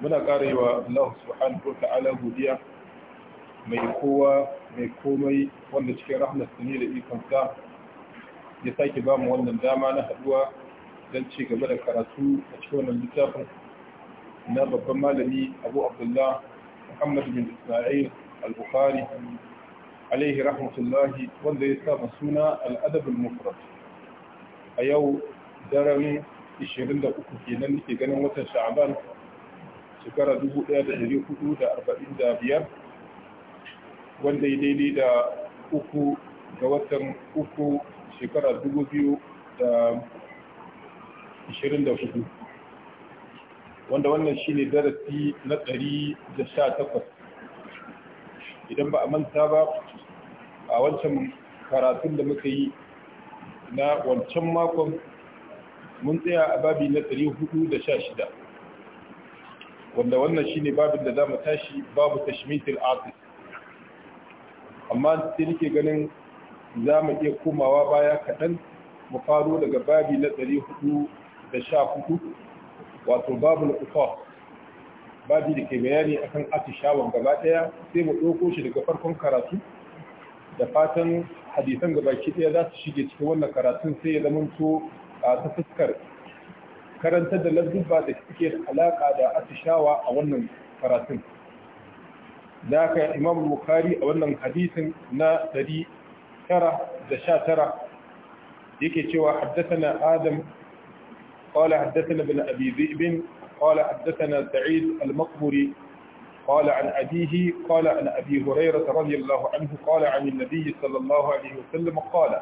muna karewa Allah subhanahu ta'ala godiya mai kowa mai komai wanda cikin rahmat ne da ikon sa ya sake ba mu wannan dama na haduwa don ci gaba da karatu a cikin wannan littafin na babban malami Abu Abdullah Muhammad bin Isma'il al-Bukhari alaihi rahmatullahi wanda ya saba suna al-adab al-mufrad a yau daren 23 kenan nake ganin watan Sha'ban shekara biyar, wanda ya daidai da uku ga watan uku shekara hudu, wanda wannan shi ne darasi na da sha takwas, idan ba a manta ba a wancan karatun da muka yi na wancan makon mun tsaya a babi na hudu da sha shida. wanda wannan shine babin da zamu tashi babu tashmitil atis amma sai nake ganin zamu iya komawa baya kaɗan mu faro daga babi na 414 wato babul qisas babi da ke bayani akan atishawan gaba ɗaya sai mu ɗauko shi daga farkon karatu da fatan hadisan gabaki daya ɗaya za su shige cikin wannan karatun sai ya zamanto a ta fuskar karantar da lafzubba da suke da alaƙa da atishawa a wannan karatun da aka imam bukhari a wannan hadisin na 919 yake cewa haddathana adam قال حدثنا ابن أبي ذئب قال حدثنا سعيد المقبري قال عن أبيه قال عن أبي هريرة رضي الله عنه قال عن النبي صلى الله عليه وسلم قال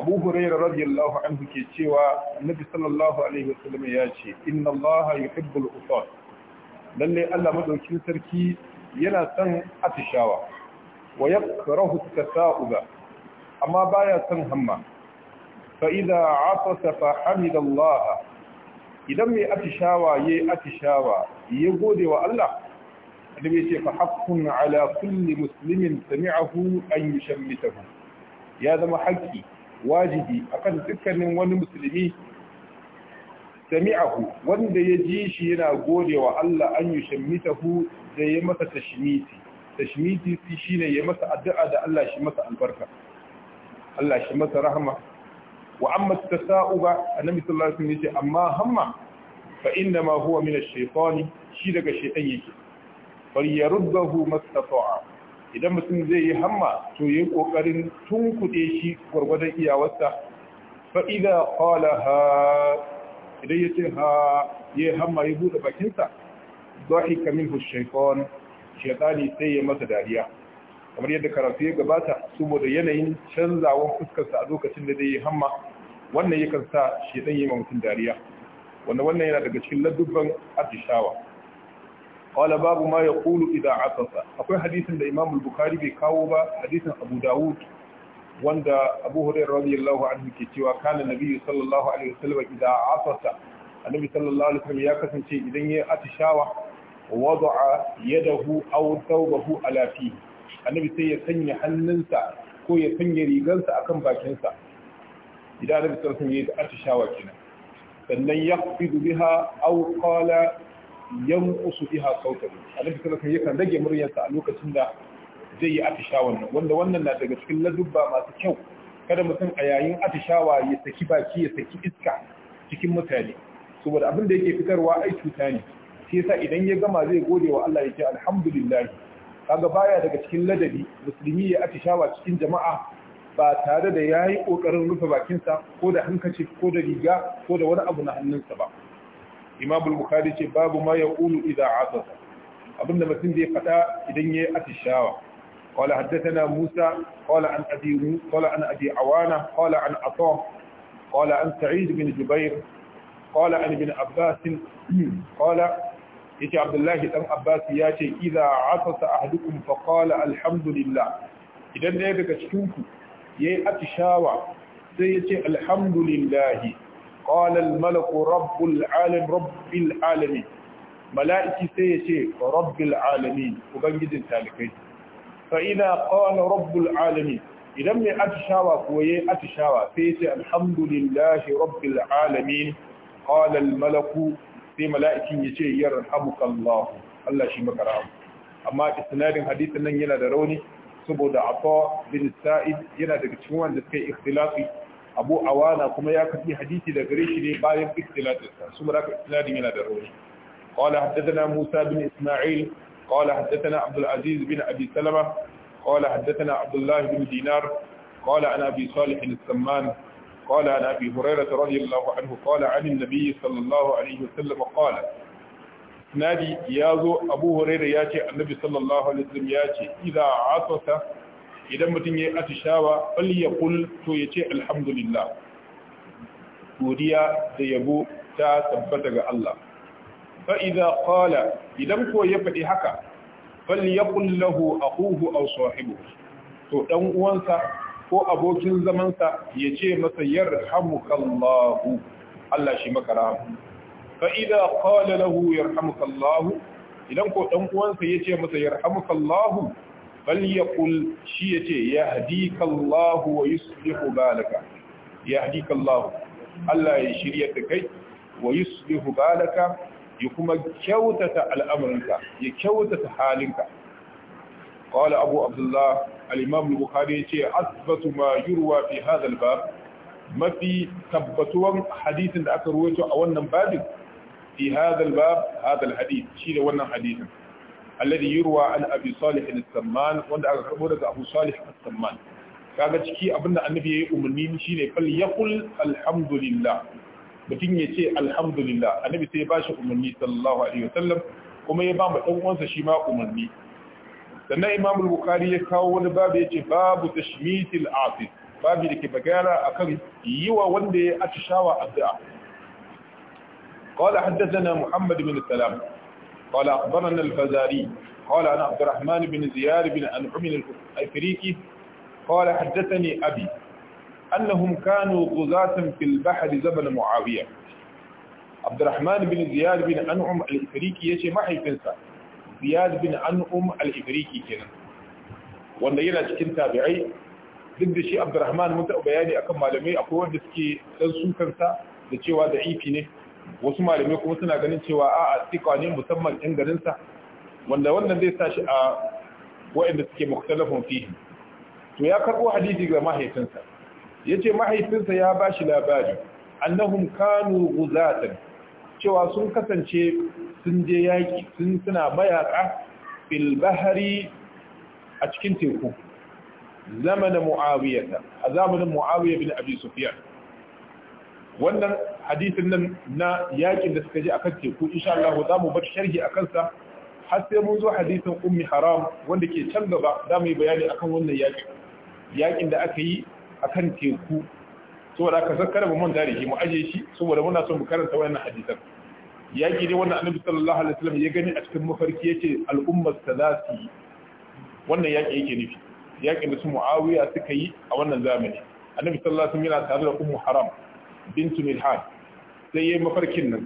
abu hurairah radiyallahu anhu ke cewa annabi sallallahu alaihi wasallam ya ce inna allaha yuhibbul usat lalle Allah madaukin sarki yana son atishawa wa yakrahu tasauba amma baya son hamma fa idza atasa fa hamida allaha idan mai atishawa yayi atishawa ya gode wa Allah annabi ce fa haqqun ala kulli muslimin sami'ahu an yushammitahu ya zama haƙƙi wajibi akan dukkanin wani musulmi sami'ahu wanda ya ji shi yana godewa Allah an yushammitahu da ya masa tashmiti tashmiti ne ya masa addu'a da Allah shi masa albarka Allah shi masa rahama wa amma tasauba annabi sallallahu alaihi wasallam amma hamma fa inna ma huwa min ash shi daga shaytan yake fal yaruddahu mastata'a idan mutum zai yi hamma to yi kokarin tunkuɗe shi gwargwadon iyawarsa fa idza qala ha idan ce ha yi hamma ya bude bakinsa dhahika minhu shaytan shaytani sai ya masa dariya kamar yadda karatu ya gabata saboda yanayin canzawan fuskarsa a lokacin da zai yi hamma wannan yakan sa ɗan yi ma mutum dariya wannan wannan yana daga cikin ladubban atishawa qala babu ma yaqulu idha asafa akwai hadisin da Imam al-Bukhari bai kawo ba hadisin Abu Dawud wanda Abu Hurairah radiyallahu anhu ke cewa kana Nabi sallallahu alaihi wasallam idha asasa Annabi sallallahu alaihi wasallam ya kasance idan ya atishawa wada'a yadahu aw thawbahu ala fi Annabi sai ya sanya hannunsa ko ya sanya rigarsa akan bakinsa idan Annabi sallallahu alaihi wasallam ya atishawa kenan sannan yaqbidu biha aw qala yanqusu biha sautahu annabi sallallahu alaihi yakan rage muryarsa a lokacin da zai yi atishawa nan wanda wannan na daga cikin ladubba masu kyau kada mutum a yayin atishawa ya saki baki ya saki iska cikin mutane saboda abin da yake fitarwa ai cuta ne sai yasa idan ya gama zai gode wa Allah yake alhamdulillah kaga baya daga cikin ladabi musulmi ya atishawa cikin jama'a ba tare da yayi kokarin rufe bakinsa ko da hankaci ko da riga ko da wani abu na hannunsa ba imam al-bukhari ce babu ma yaqulu idha atasa abinda mutum zai fada idan yayi atishawa qala haddathana musa qala an abi an abi awana qala an ata qala an sa'id bin jubair qala an ibn abbas ya ce abdullah dan abbas yace idha atasa ahdukum fa qala alhamdulillah idan ne daga cikin ku yayi atishawa sai yace alhamdulillah qala al malaku rabbul alamin mala'iki sai ya ce rabbil alamin ubangijin talikai fa idza qala rabbul alamin idan mai atishawa ko yayi atishawa sai ya ce alhamdulillahi rabbil alamin qala malaku sai mala'ikin ya ce yarhamukallahu Allah shi maka rahama amma isnadin hadisin nan yana da rauni saboda Afa bin Sa'id yana daga cikin wanda suka yi ikhtilafi abu awana kuma ya kafi hadisi da gare shi ne bayan istilatinsa su mara istinadin yana da rauni qala haddatana musa bin isma'il qala haddatana abdul bin abi salama qala haddathana abdullah bin dinar qala ana abi salih al-samman قال عن أبي هريرة رضي الله عنه قال عن النبي صلى الله عليه وسلم قال نادي يازو أبو هريرة ياتي النبي صلى الله عليه وسلم ياتي إذا عطس idan mutum ya yi atishawa falyakul to ya ce alhamdulillah godiya da yabo ta tabbata ga Allah fa'iza kwala idan ko ya faɗi haka falyakul lahu akuhu aw sahibu to dan uwansa ko abokin zamansa ya ce masa yarhamukallahu Allah shi maka rahamu fa'iza kwala lahu yarhamukallahu idan ko ɗan uwansa ya ce masa yarhamukallahu bal yaqul shi yace yahdika Allah wa yuslihu balaka yahdika Allah Allah ya shirya ta kai wa yuslihu balaka ya kuma kyautata al'amuranka ya kyautata halinka qala abu abdullah al bukhari yace asbatu ma yurwa fi hadal ba, mafi tabbatuwan hadisin da aka ruwaito a wannan babin fi hadal ba, bab hadha hadith shi da wannan hadisin alladhi yurwa an abi salih al-samman wanda aka karbo daga abu salih al-samman kaga ciki abinda annabi yayi umarni shine fal yaqul alhamdulillah mutum ya ce alhamdulillah annabi sai ya bashi umarni sallallahu alaihi wasallam kuma ya ba mu dan uwansa shi ma umarni sannan imam al-bukhari ya kawo wani babu yace babu tashmitil afis babu da ke bagara akan yiwa wanda ya atishawa addu'a قال حدثنا محمد بن سلام قال أخبرنا الفزاري قال أنا عبد الرحمن بن زياد بن أنعم الأفريقي قال حدثني أبي أنهم كانوا غزاة في البحر زمن معاوية عبد الرحمن بن زياد بن أنعم الإفريقي يشي ما حيفنسى زياد بن أنعم الإفريقي كنا wanda yana cikin tabi'ai duk da shi abdurrahman mun taɓa bayani akan malamai akwai wanda suke ɗan sukansa da cewa da ifi ne wasu malamai kuma suna ganin cewa a a ne musamman ɗin garinsa wanda wannan zai sa shi a waɗanda suke muktalafin fihi to ya karɓo hadisi ga mahaifinsa ya ce mahaifinsa ya ba shi labari annahum kanu guzatan cewa sun kasance sun je yaƙi sun suna mayaƙa fil bahari a cikin teku zamanin mu'awiyata a zamanin mu'awiyar bin abi wannan hadisin nan na yakin da suka je akan teku insha Allah za mu bar sharhi akan har sai mun zo hadisin ummi haram wanda ke can gaba za mu yi bayani akan wannan yakin yakin da aka yi akan teku saboda aka san mu manta da shi mu aje shi saboda muna son mu karanta wannan hadisan yaki ne wannan annabi sallallahu alaihi wasallam ya gani a cikin mafarki yace al'ummar ta za su yi wannan yaki yake nufi yakin da su muawiya suka yi a wannan zamani annabi sallallahu alaihi wasallam yana tare da ummu haram bintu milhan sai yayi mafarkin nan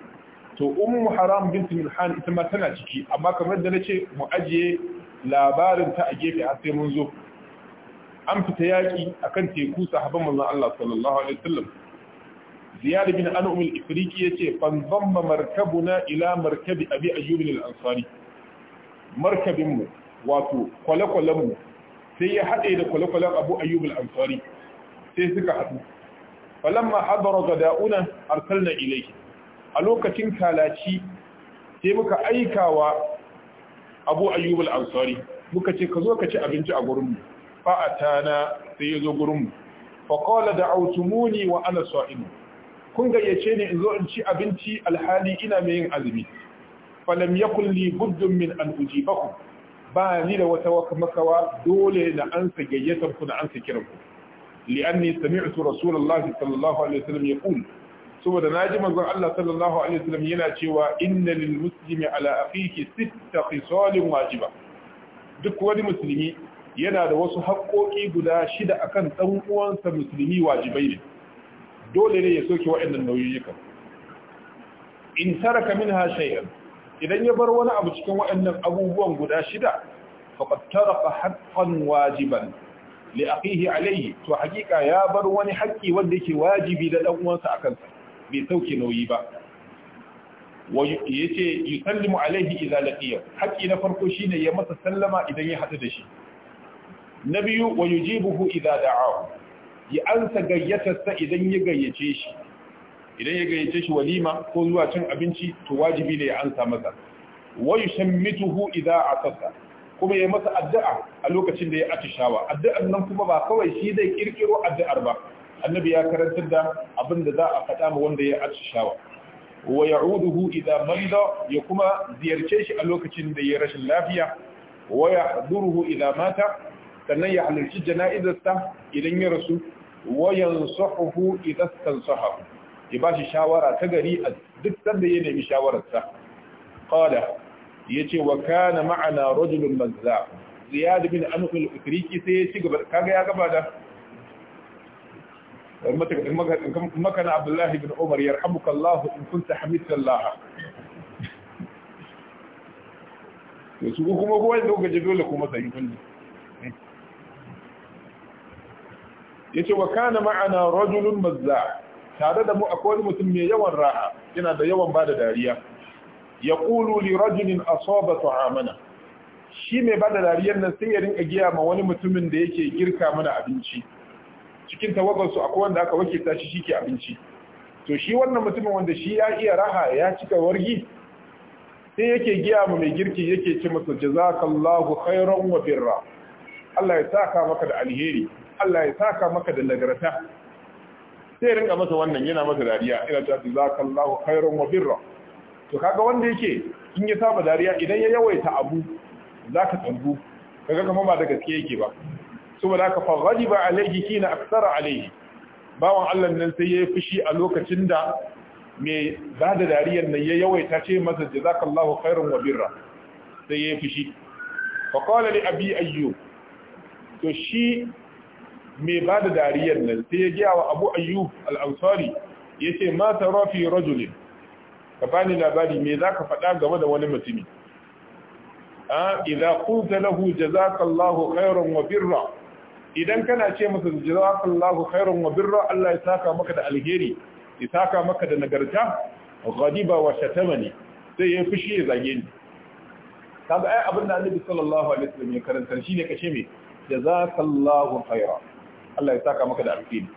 to ummu haram bintu milhan ita ma tana ciki amma kamar da nace mu ajiye labarin ta a gefe har sai mun zo an fita yaki akan teku sahabban manzon Allah sallallahu alaihi wasallam ziyad bin an'um al-ifriqi yace fan dhamma markabuna ila markabi abi ayyub al-ansari markabin mu wato kwale mu sai ya haɗe da kwale-kwalen abu ayyub al-ansari sai suka haɗu falamma hadara gada'una arsalna ilayhi a lokacin kalaci sai muka aikawa Abu Ayyub al-Ansari muka ce ka zo ka ci abinci a gurin mu fa atana sai yazo gurin mu fa qala da'awtumuni wa ana sa'im kun gayyace ni in zo in ci abinci alhali ina mai yin azumi falam ya li buddun min an ujibakum ba ni da wata makawa dole na ansa gayyatar ku na ansa kiran ku li'anni sami'tu rasulullahi sallallahu alaihi wasallam yaqul saboda naji manzon Allah sallallahu alaihi wasallam yana cewa inna lil muslimi ala akhihi sitta khisalin wajiba duk wani musulmi yana da wasu haƙoƙi guda shida akan ɗan uwansa musulmi wajibai ne dole ne ya soke waɗannan nauyoyikan in taraka minha shay'an idan ya bar wani abu cikin waɗannan abubuwan guda shida faqad taraka haqqan wajiban li akhihi alayhi to hakika ya bar wani haƙƙi wanda yake wajibi da dan uwansa akan sa bai sauke nauyi ba wa yace yusallimu alayhi idza laqiya haƙƙi na farko shine ya masa sallama idan ya hadu da shi na biyu wa yujibuhu idza da'ahu ya ansa gayyatarsa idan ya gayyace shi idan ya gayyace shi walima ko zuwa cin abinci to wajibi ne ya ansa masa wa yushammituhu idza atasa kuma ya masa addu'a a lokacin da ya atishawa addu'ar nan kuma ba kawai shi zai kirkiro addu'ar ba annabi ya karantar da abin da za a faɗa ma wanda ya atishawa wa ya'uduhu idza manda ya kuma ziyarce shi a lokacin da ya rashin lafiya wa yahduruhu idza mata sannan ya halarci jana'izarsa idan ya rasu wa yansahuhu idza tansahahu ya ba shi shawara ta gari a duk sanda ya nemi shawararsa qala yace wa kana ma'ana rajulun mazza ziyad bin anqul al-ifriqi sai ya ci gaba kaga ya gaba da makana abdullahi bin umar yarhamuka Allah in kunta hamidta Allah Ya su kuma ko wanda kuka ji dole kuma sai kullu yace wa kana ma'ana rajulun mazza tare da mu akwai mutum mai yawan raha yana da yawan bada dariya yaqulu li rajulin asaba amana shi mai bada dariyar nan sai ya rinka giya ma wani mutumin da yake girka mana abinci cikin tawagar su akwai wanda aka wake tashi shi ke abinci to shi wannan mutumin wanda shi ya iya raha ya cika wargi sai yake giya ma mai girki yake ce masa jazakallahu khairan wa birra Allah ya saka maka da alheri Allah ya saka maka da nagarta sai rinka masa wannan yana masa dariya ina ta jazakallahu khairan wa birra to kaga wanda yake in ya saba dariya idan ya yawaita abu za ka tsambu kaga kama ba da gaske yake ba saboda haka fa ghadiba alayhi kina aksara alayhi bawan Allah nan sai yi fushi a lokacin da mai ba da dariyar nan ya yawaita ce masa jazakallahu khairan wa birra sai yi fushi fa qala abi ayyub to shi mai ba da dariyar nan sai ya gaya wa abu ayyub al-ansari yace mata, "Rafi, fi rajulin ka bani labari me za ka faɗa game da wani mutumi a idan kuta lahu jazakallahu khairan wa birra idan kana ce masa jazakallahu khairan wa birra Allah ya saka maka da alheri ya saka maka da nagarta ghadiba wa shatamani sai ya fushi ya zage ni kaga ai abin da Annabi sallallahu alaihi wasallam ya karanta shine kace me jazakallahu khairan Allah ya saka maka da alheri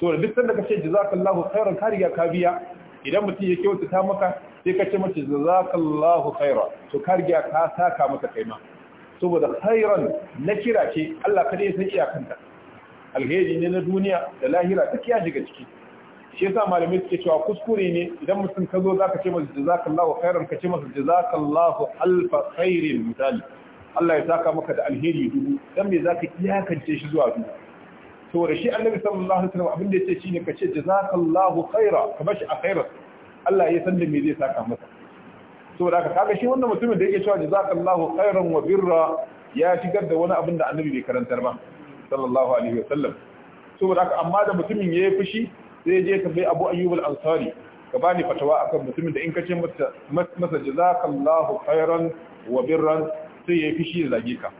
so duk sanda ka kace jazakallahu khairan ka riga ka biya idan mutum ya kyautata maka sai ka ce mace jazakallahu khaira to ka ka saka maka kaima saboda khairan na kira ce Allah kada ya san iyakanta alheri ne na duniya da lahira duk ya shiga ciki shi yasa malamai suke cewa kuskure ne idan mutum ka zo zaka ce masa jazakallahu khairan ka ce masa jazakallahu alfa khairin misali Allah ya saka maka da alheri dubu dan me zaka iyakance shi zuwa dubu To da shi annabi sallallahu alaihi wasallam abin da yace shine kace jazakallahu khaira ka bashi a khaira Allah ya san da me zai saka masa saboda haka kaga shi wannan mutumin da yake cewa jazakallahu khairan wa birra ya shigar da wani abin da annabi bai karantar ba sallallahu alaihi wasallam saboda haka amma da mutumin yayi fushi sai je ka bai Abu Ayyub al-Ansari ka bani fatawa akan mutumin da in ka ce masa masa jazakallahu khairan wa birran sai yayi fushi zage ka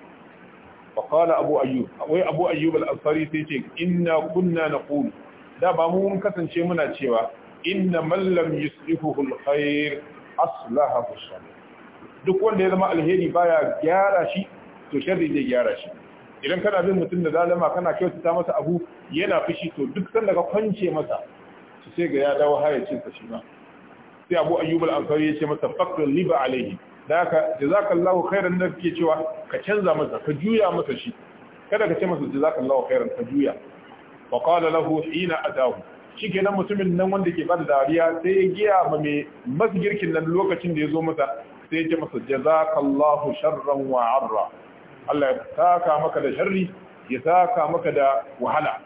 فقال أبو أيوب أوي أبو أيوب الأنصاري سيتي إنا كنا نقول لا بامون كسن شيء منا تشيوا إن من لم يصلحه الخير أصلحه الشر duk wanda ya zama alheri baya gyara shi to sharri zai gyara shi idan kana bin mutum da zalama kana kyautata masa abu yana fushi to duk sanda ka kwance masa sai ga ya dawo hayacin sa shi ma sai Abu Ayyub al-Ansari ya ce masa faqr alaihi da haka jazakallahu khairan da kake cewa ka canza masa ka juya masa shi kada ka ce masa jazakallahu khairan ka juya wa qala lahu hina atahu shikenan mutumin nan wanda ke bada dariya sai ya giya ma mai masgirkin nan lokacin da ya zo masa sai ya ce masa jazakallahu sharran wa arra Allah ya saka maka da sharri ya saka maka da wahala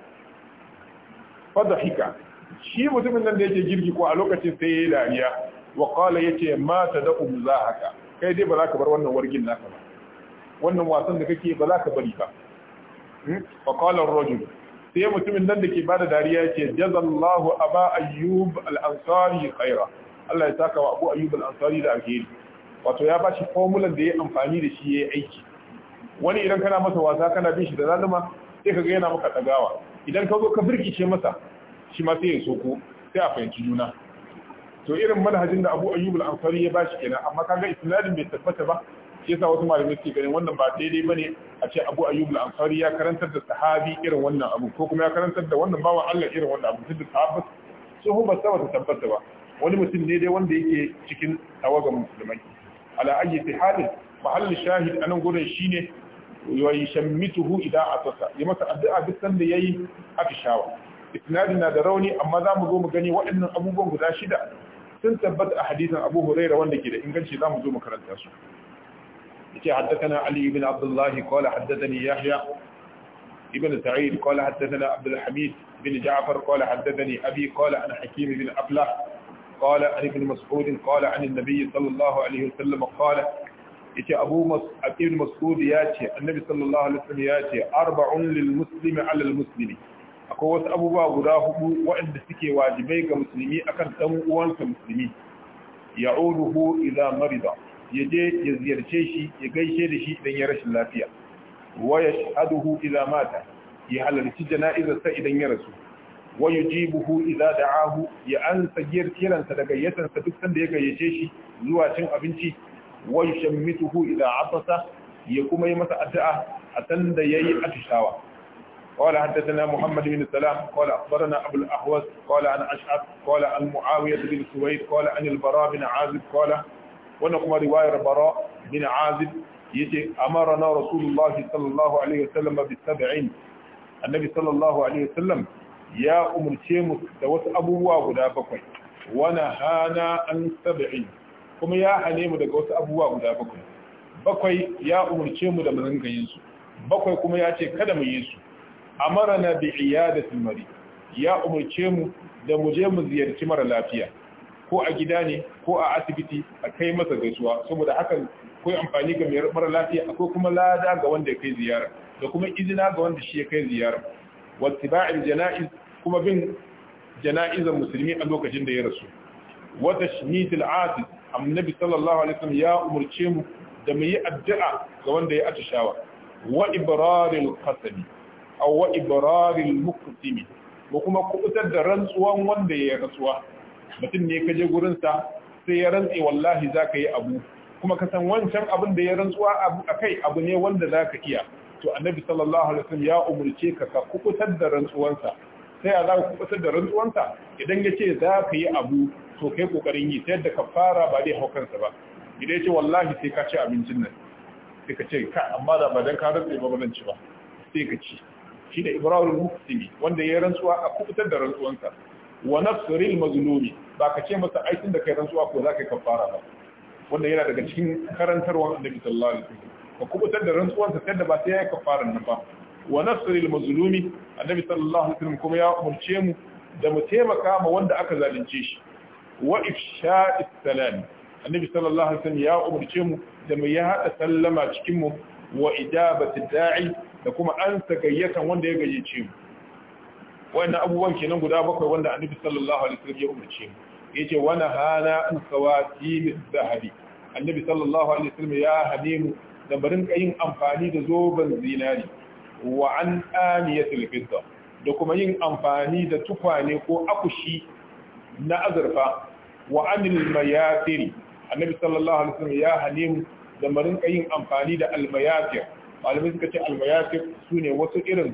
fadhika shi mutumin nan da yake girgi ko a lokacin sai ya yi dariya wa qala yace ma tad'u haka. kai dai ba za ka bar wannan wargin naka ba wannan wasan da kake ba za ka bari ba hmm? fa qala ar-rajul sai mutumin nan da ke bada dariya yace jazallahu aba ayyub al-ansari khaira Allah ya saka wa Abu Ayyub al-Ansari da alheri wato ya bashi formula da ya amfani da shi yayi aiki wani idan kana masa wasa kana bin shi da zaluma sai kaga yana maka tagawa idan ka zo ka birkice masa shi ma sai ya soko sai a fahimci juna to irin manhajin da Abu Ayyub al-Ansari ya bashi kenan amma kaga isnadin bai tabbata ba shi yasa wasu malamai suke ganin wannan ba daidai bane a ce Abu Ayyub al-Ansari ya karantar da sahabi irin wannan abu ko kuma ya karantar da wannan bawa Allah irin wannan abu duk sahabbas so ba sa wata tabbata ba wani mutum ne dai wanda yake cikin tawagan musulmai ala ayyi tihadin mahallin shahid anan gurin shine yayi shammituhu idan atasa ya masa addu'a duk sanda yayi shawa. isnadin na da rauni amma za mu zo mu gani waɗannan abubuwan guda shida sun tabbata a hadisin Abu Hurairah wanda ke da inganci zamu zo makaranta su yace haddathana Ali ibn Abdullah qala haddathani Yahya ibn Sa'id qala haddathana Abdul Hamid bin Ja'far qala haddathani Abi qala an Hakim ibn Ablah قال عن ابن مسعود قال عن النبي صلى الله عليه وسلم قال yace Abu Mas'ud ibn Mas'ud yace Annabi sallallahu alaihi wasallam yace arba'un lil muslimi 'ala al muslimi akwai wasu abubuwa guda hudu waɗanda suke wajibai ga musulmi akan ɗan uwansa musulmi ya'uduhu idza marida yaje ya ziyarce shi ya gaishe da shi idan ya rashin lafiya wa yashhaduhu idan mata ya halarci jana'izarsa idan ya rasu ji yujibuhu idan da'ahu ya ansa girkiransa da gayyatarsa duk sanda ya gayyace shi zuwa cin abinci wa yushammituhu idza afasa ya kuma yi masa addu'a a sanda yayi atishawa قال حدثنا محمد بن سلام قال أخبرنا أبو الأحوص قال عن أشعث قال عن معاوية بن سويد قال عن البراء بن عازب قال ونقم رواية البراء بن عازب يتي أمرنا رسول الله صلى الله عليه وسلم بالسبعين النبي صلى الله عليه وسلم يا أم الشيمس دوس أبو وغدا بكوي ونهانا أن سبعين kuma ya hane mu daga wasu abubuwa guda bakwai bakwai ya umurce mu da mu rinka yin su bakwai kuma ya ce kada mu yi su amarna bi iyadati mari ya umarce mu da mu je mu ziyarci mara lafiya ko a gida ne ko a asibiti a kai masa gaisuwa saboda hakan koyi amfani ga mara lafiya akwai kuma lada ga wanda ya kai ziyara da kuma izina ga wanda shi ya kai ziyara wattiba'il jana'iz kuma bin jana'izar musulmi a lokacin da ya rasu wa tashmidil atis annabi sallallahu alaihi wasallam ya umurce mu da mu yi addu'a ga wanda ya atishawa wa ibraril qasami Auwa ibraril muqtimi ko kuma kubutar da rantsuwan wanda ya rantsuwa mutum ne kaje gurin sa sai ya rantse wallahi zaka yi abu kuma ka san wancan abin da ya rantsuwa kai abu ne wanda zaka iya to annabi sallallahu alaihi wasallam ya umurce ka ka kubutar da rantsuwansa sai a za ka kubutar da rantsuwansa idan ya ce za ka yi abu to kai kokarin yi ta yadda ka fara ba dai haukansa ba idan ya ce wallahi sai ka ci abincin nan sai ka ce ka amma da ba dan ka rantse ba ba ci ba sai ka ci shine ibrarul muqsimi wanda ya rantsuwa a kubutar da rantsuwansa wa nafsiril mazlumi ba ka ce masa aikin da kai rantsuwa ko za ka yi kafara ba wanda yana daga cikin karantarwa annabi sallallahu alaihi wasallam ka kubutar da rantsuwansa kada ba sai ya yi kafara nan ba wa nafsiril mazlumi annabi sallallahu alaihi wasallam kuma ya umurce mu da mu taimaka ma wanda aka zalunce shi wa ifsha'is salam annabi sallallahu alaihi wasallam ya umurce mu da mu ya hada sallama cikin mu wa ijabati da'i da kuma an gayyatan wanda ya gayyace mu wannan abubuwan kenan guda bakwai wanda annabi sallallahu alaihi wasallam ya umarce mu yace wa nahana an sawati zahabi annabi sallallahu alaihi wasallam ya hane mu da barin kayin amfani da zoban zinari wa an aniyatul fidda da kuma yin amfani da tukwane ko akushi na azurfa wa anil mayafiri annabi sallallahu alaihi wasallam ya hane mu da barin kayin amfani da almayafir malamai suka ce almayafir su ne wasu irin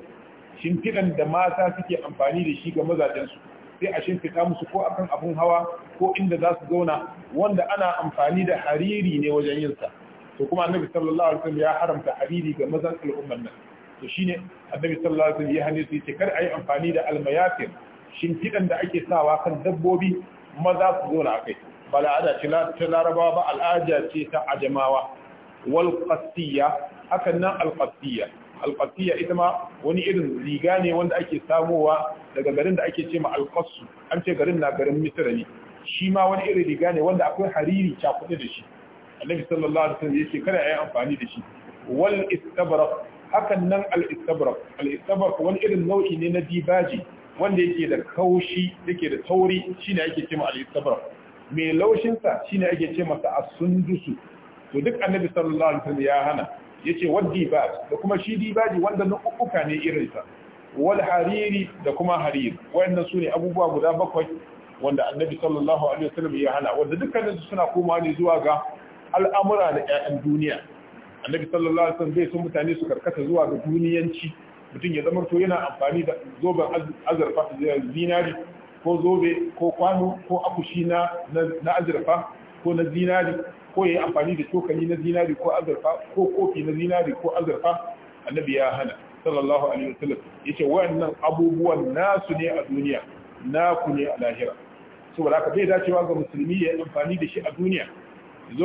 shimfiɗan da mata suke amfani da shi ga mazajensu sai a shimfiɗa musu ko akan abun hawa ko inda za su zauna wanda ana amfani da hariri ne wajen yinsa to kuma annabi sallallahu alaihi wasallam ya haramta hariri ga mazan al'umman nan to shine annabi sallallahu alaihi wasallam ya hane su kar ayi amfani da almayafir shimfiɗan da ake sawa kan dabbobi maza su zauna akai ba al'ada ce ta larabawa ba al'ada ce ta ajamawa wal qasiyya hakan nan alƙasiyya alƙasiyya ita ma wani irin riga ne wanda ake samowa daga garin da ake ce ma alƙassu an ce garin na garin misira ne shi ma wani irin riga ne wanda akwai hariri cakuɗe da shi annabi sallallahu alaihi wasallam yake kada ayi amfani da shi wal istabrak hakan nan al istabrak wani irin nau'i ne na dibaji wanda yake da kaushi yake da tauri shine ake cewa al istabrak mai laushin sa shine ake cewa masa asundusu to duk annabi sallallahu alaihi wasallam ya hana yace waddi ba da kuma shi dibaji wanda nukuka ne irinsa wal hariri da kuma Hariri. wayannan ne abubuwa guda bakwai wanda annabi sallallahu alaihi wasallam ya hana wanda dukkan su suna komawa ne zuwa ga al'amura da ƴaƴan duniya annabi sallallahu alaihi wasallam bai so mutane su karkata zuwa ga duniyanci mutum ya zama to yana amfani da zoben azurfa zinari ko zobe ko kwano ko akushi na na azurfa ko na zinari ko ya yi amfani da cokali na zinari ko azurfa ko kofi na zinari ko azurfa annabi ya hana sallallahu alaihi wasallam yace wayannan abubuwan nasu ne a duniya naku ne a lahira saboda haka bai dacewa ga musulmi ya amfani da shi a duniya zi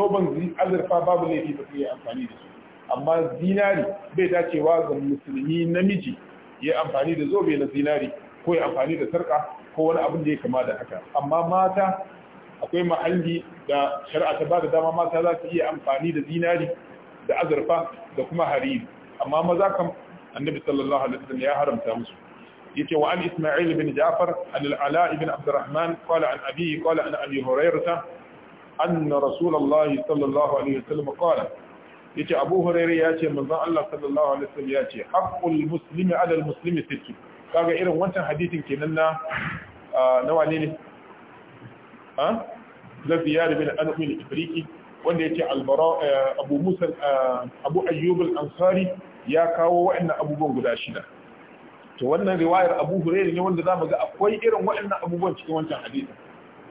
azurfa babu laifi ba sai ya amfani da su amma zinari bai dacewa ga musulmi namiji ya amfani da zobe na zinari ko ya amfani da sarka ko wani abin da ya kama da haka amma mata akwai mahalli da shari'a ta ba da dama mata za su iya amfani da zinari da azurfa da kuma hariri amma maza kam annabi sallallahu alaihi wasallam ya haramta musu yace wa an isma'il bin ja'far an al-ala ibn abdurrahman qala an abi qala an abi hurairah anna rasulullahi sallallahu alaihi wasallam qala yace abu hurairah yace manzon Allah sallallahu alaihi wasallam yace haqqul muslimi ala al-muslimi sittu kaga irin wancan hadisin kenan na ah, na wane ne ha ziyarar ziyar bin anhu al wanda ya ce abu musa al-ansari ya kawo wa'annan abubuwan guda shida to wannan riwayar abu hurairah ne wanda za mu ga akwai irin wa'annan abubuwan cikin wancan hadisin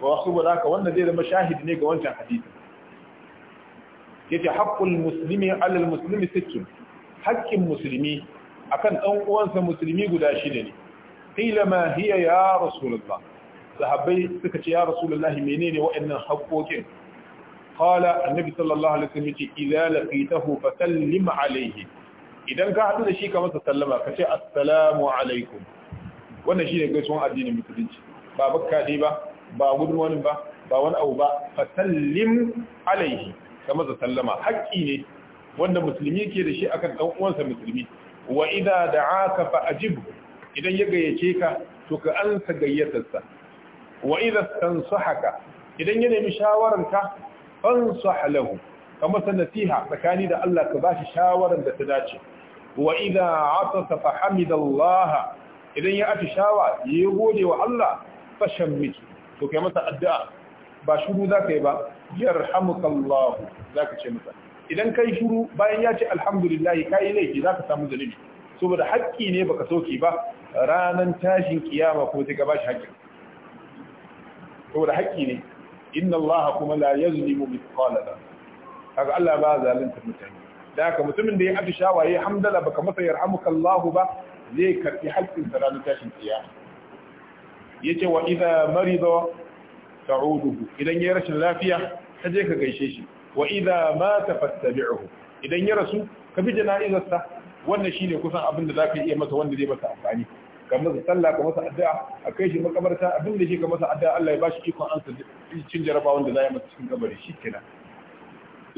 wa saboda haka wannan zai zama shahidi ne ga wancan Ya ce haqqul muslimi alal muslimi sittun haqqin muslimi akan ɗan uwansa musulmi guda shida ne qila ma hiya ya rasulullah sahabbai suka ce ya rasulullahi menene waɗannan haƙoƙin qala annabi sallallahu alaihi wasallam ce idza laqitahu fasallim alayhi idan ka hadu da shi ka masa sallama ka ce assalamu alaikum wannan shine gaisuwan addinin musulunci ba bakka dai ba ba gudun ba ba wani abu ba fasallim Alayhi. ka masa sallama haƙƙi ne wanda musulmi ke da shi akan dan uwansa musulmi wa idza da'aka fa ajib idan ya gayyace ka to ka ansa gayyatarsa wa idza tansahaka idan ya nemi shawararka fansah lahu ka masa nasiha tsakani da Allah ka bashi shawaran da ta dace wa idan atasa fahamidallaha idan ya atishawa ya gode wa Allah miki. to kai masa addu'a ba shiru zaka yi ba yarhamukallahu zaka ce masa idan kai shiru bayan ya ce alhamdulillah kai laifi zaka samu zalimi saboda haƙƙi ne baka soke ba ranan tashin kiyama ko ta ka bashi saboda haƙƙi ne inna Allah kuma la yazlimu mithqala dharra kaga Allah ba zalunta mutane da haka mutumin da ya atishawa shawaye, hamdala baka masa yarhamuka Allah ba zai karbi haƙƙin sa ranar tashin tsiya yace wa idza marida ta'uduhu idan ya rashin lafiya ka je ka gaishe shi wa idza mata fattabi'uhu idan ya rasu ka bi jana'izarsa wannan shine kusan abin da zaka iya masa wanda zai masa amfani ka masa sallah ka masa addu'a a kai shi makabarta abin da shi ka masa addu'a Allah ya ba shi ikon ansa cin jarabawan da za ya masa cikin kabari shi kenan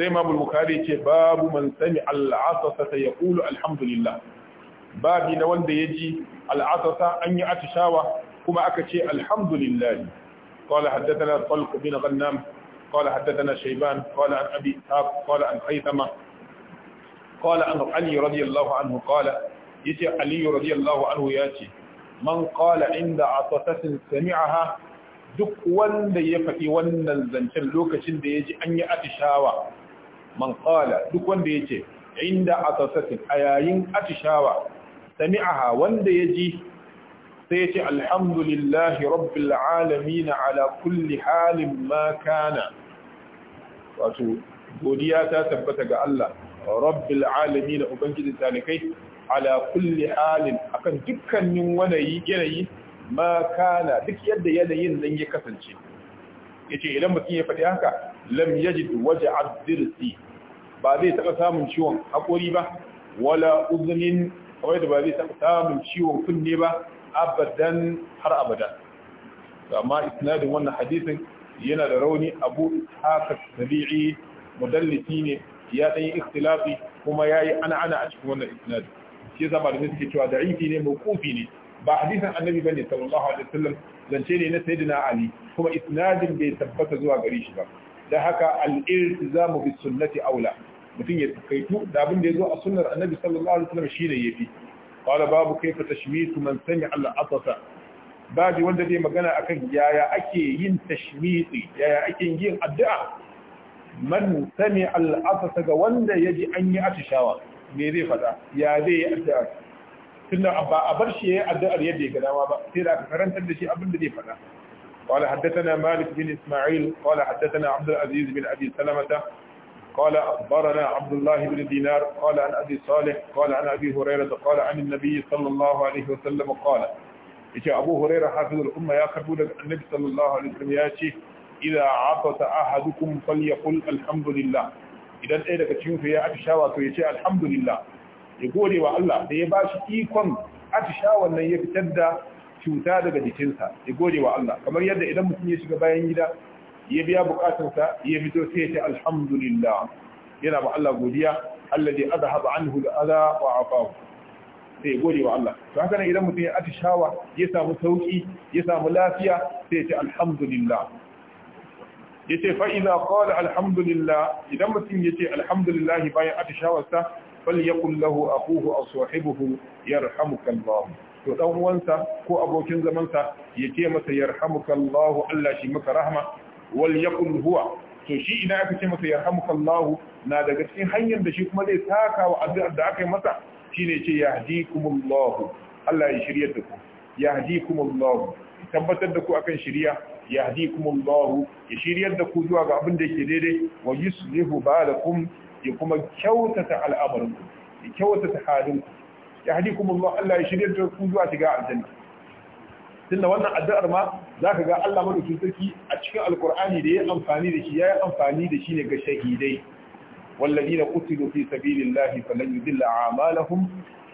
sai Imam Bukhari ce babu man sami al-asasa sai ya qulu alhamdulillah babi na wanda ya ji al-asasa an yi atishawa kuma aka ce alhamdulillah قال حدثنا طلق بن غنام قال حدثنا شيبان قال عن أبي إسحاق قال عن خيثمة قال عن علي رضي الله عنه قال يتي علي رضي الله عنه ياتي man qala inda atasatin sami'aha duk wanda ya faɗi wannan zancen lokacin da ya ji an yi atishawa man qala duk wanda ya ce inda atasatin a yayin atishawa sami'aha wanda ya ji sai ya ce alhamdulillahi rabbil alamin ala kulli halin makana, wato godiya ta tabbata ga Allah rabbil na ubangijin talikai ala kulli halin akan dukkanin wani yanayi ma kana duk yadda yanayin nan ya kasance yace idan mutum ya faɗi haka lam yajid waj'a dirsi ba zai taɓa samun ciwon haƙori ba wala uzunin kawai da ba zai taɓa samun ciwon kunne ba abadan har abada amma isnadin wannan hadisin yana da rauni abu haka tabi'i mudallisi ne ya ɗanyi ikhtilafi kuma ya yi ana ana a cikin wannan isnadin shi yasa malamai suke cewa da'ifi ne mawqufi ne ba hadisan annabi bane sallallahu alaihi wasallam zance ne na sayyidina ali kuma isnadin bai tabbata zuwa gare shi ba da haka al-iltizamu bis sunnati aula mutum ya kaitu da abin da yazo a sunnar annabi sallallahu alaihi wasallam shine yafi qala babu kayfa tashmitu man sami al-atasa babu wanda zai magana akan yaya ake yin tashmiti yaya ake yin addu'a man sami al-atasa ga wanda yaji an yi atishawa me zai faɗa ya zai yi addu'a tunda ba a bar shi yayin addu'ar yadda ya ga dama ba sai da aka karantar da shi abin da zai faɗa قال حدثنا مالك bin إسماعيل قال حدثنا عبد العزيز bin أبي سلمة قال أخبرنا عبد الله بن دينار قال عن أبي صالح قال عن أبي هريرة قال عن النبي صلى الله عليه وسلم قال yace Abu Huraira hafizul umma ya karbo daga Annabi sallallahu alaihi wasallam ya ce idza atata ahadukum falyaqul alhamdulillah idan ɗaya daga cikin su ya atishawa to ya ce alhamdulillah ya gode wa Allah da ya bashi ikon atishawan nan ya fitar da cuta daga jikinsa ya gode wa Allah kamar yadda idan mutum ya shiga bayan gida ya biya bukatunsa ya fito sai ya ce alhamdulillah yana ba Allah godiya alladhi adhaba anhu al'ala wa afahu sai gode wa Allah to haka nan idan mutum ya atishawa ya samu sauki ya samu lafiya sai ya ce alhamdulillah yace ce idza qala alhamdulillah idan mutum yace alhamdulillah bayan atishawarsa falyakul lahu akhuhu aw sahibuhu yarhamukallah to dan uwansa ko abokin zamansa ya ce masa yarhamukallah Allah shi maka rahma wal yakul huwa to shi idan aka ce masa yarhamukallah na daga cikin hanyar da shi kuma zai taka wa addu'ar da aka yi masa shine ce yahdikumullah Allah ya shirya da ku yahdikumullah tabbatar da ku akan shirya. yahdikumullahu ya shiryar da ku zuwa ga abin da yake daidai wa yuslihu balakum ya kuma kyautata al'amarinku ya kyautata halinku ya kuma Allah Allah ya shirya da ku zuwa shiga aljanna tunda wannan addu'ar ma zaka ga Allah madaukakin sarki a cikin alqur'ani da ya amfani da shi ya yi amfani da shi ne ga shahidai walladina qutilu fi sabilillahi falan yudilla a'malahum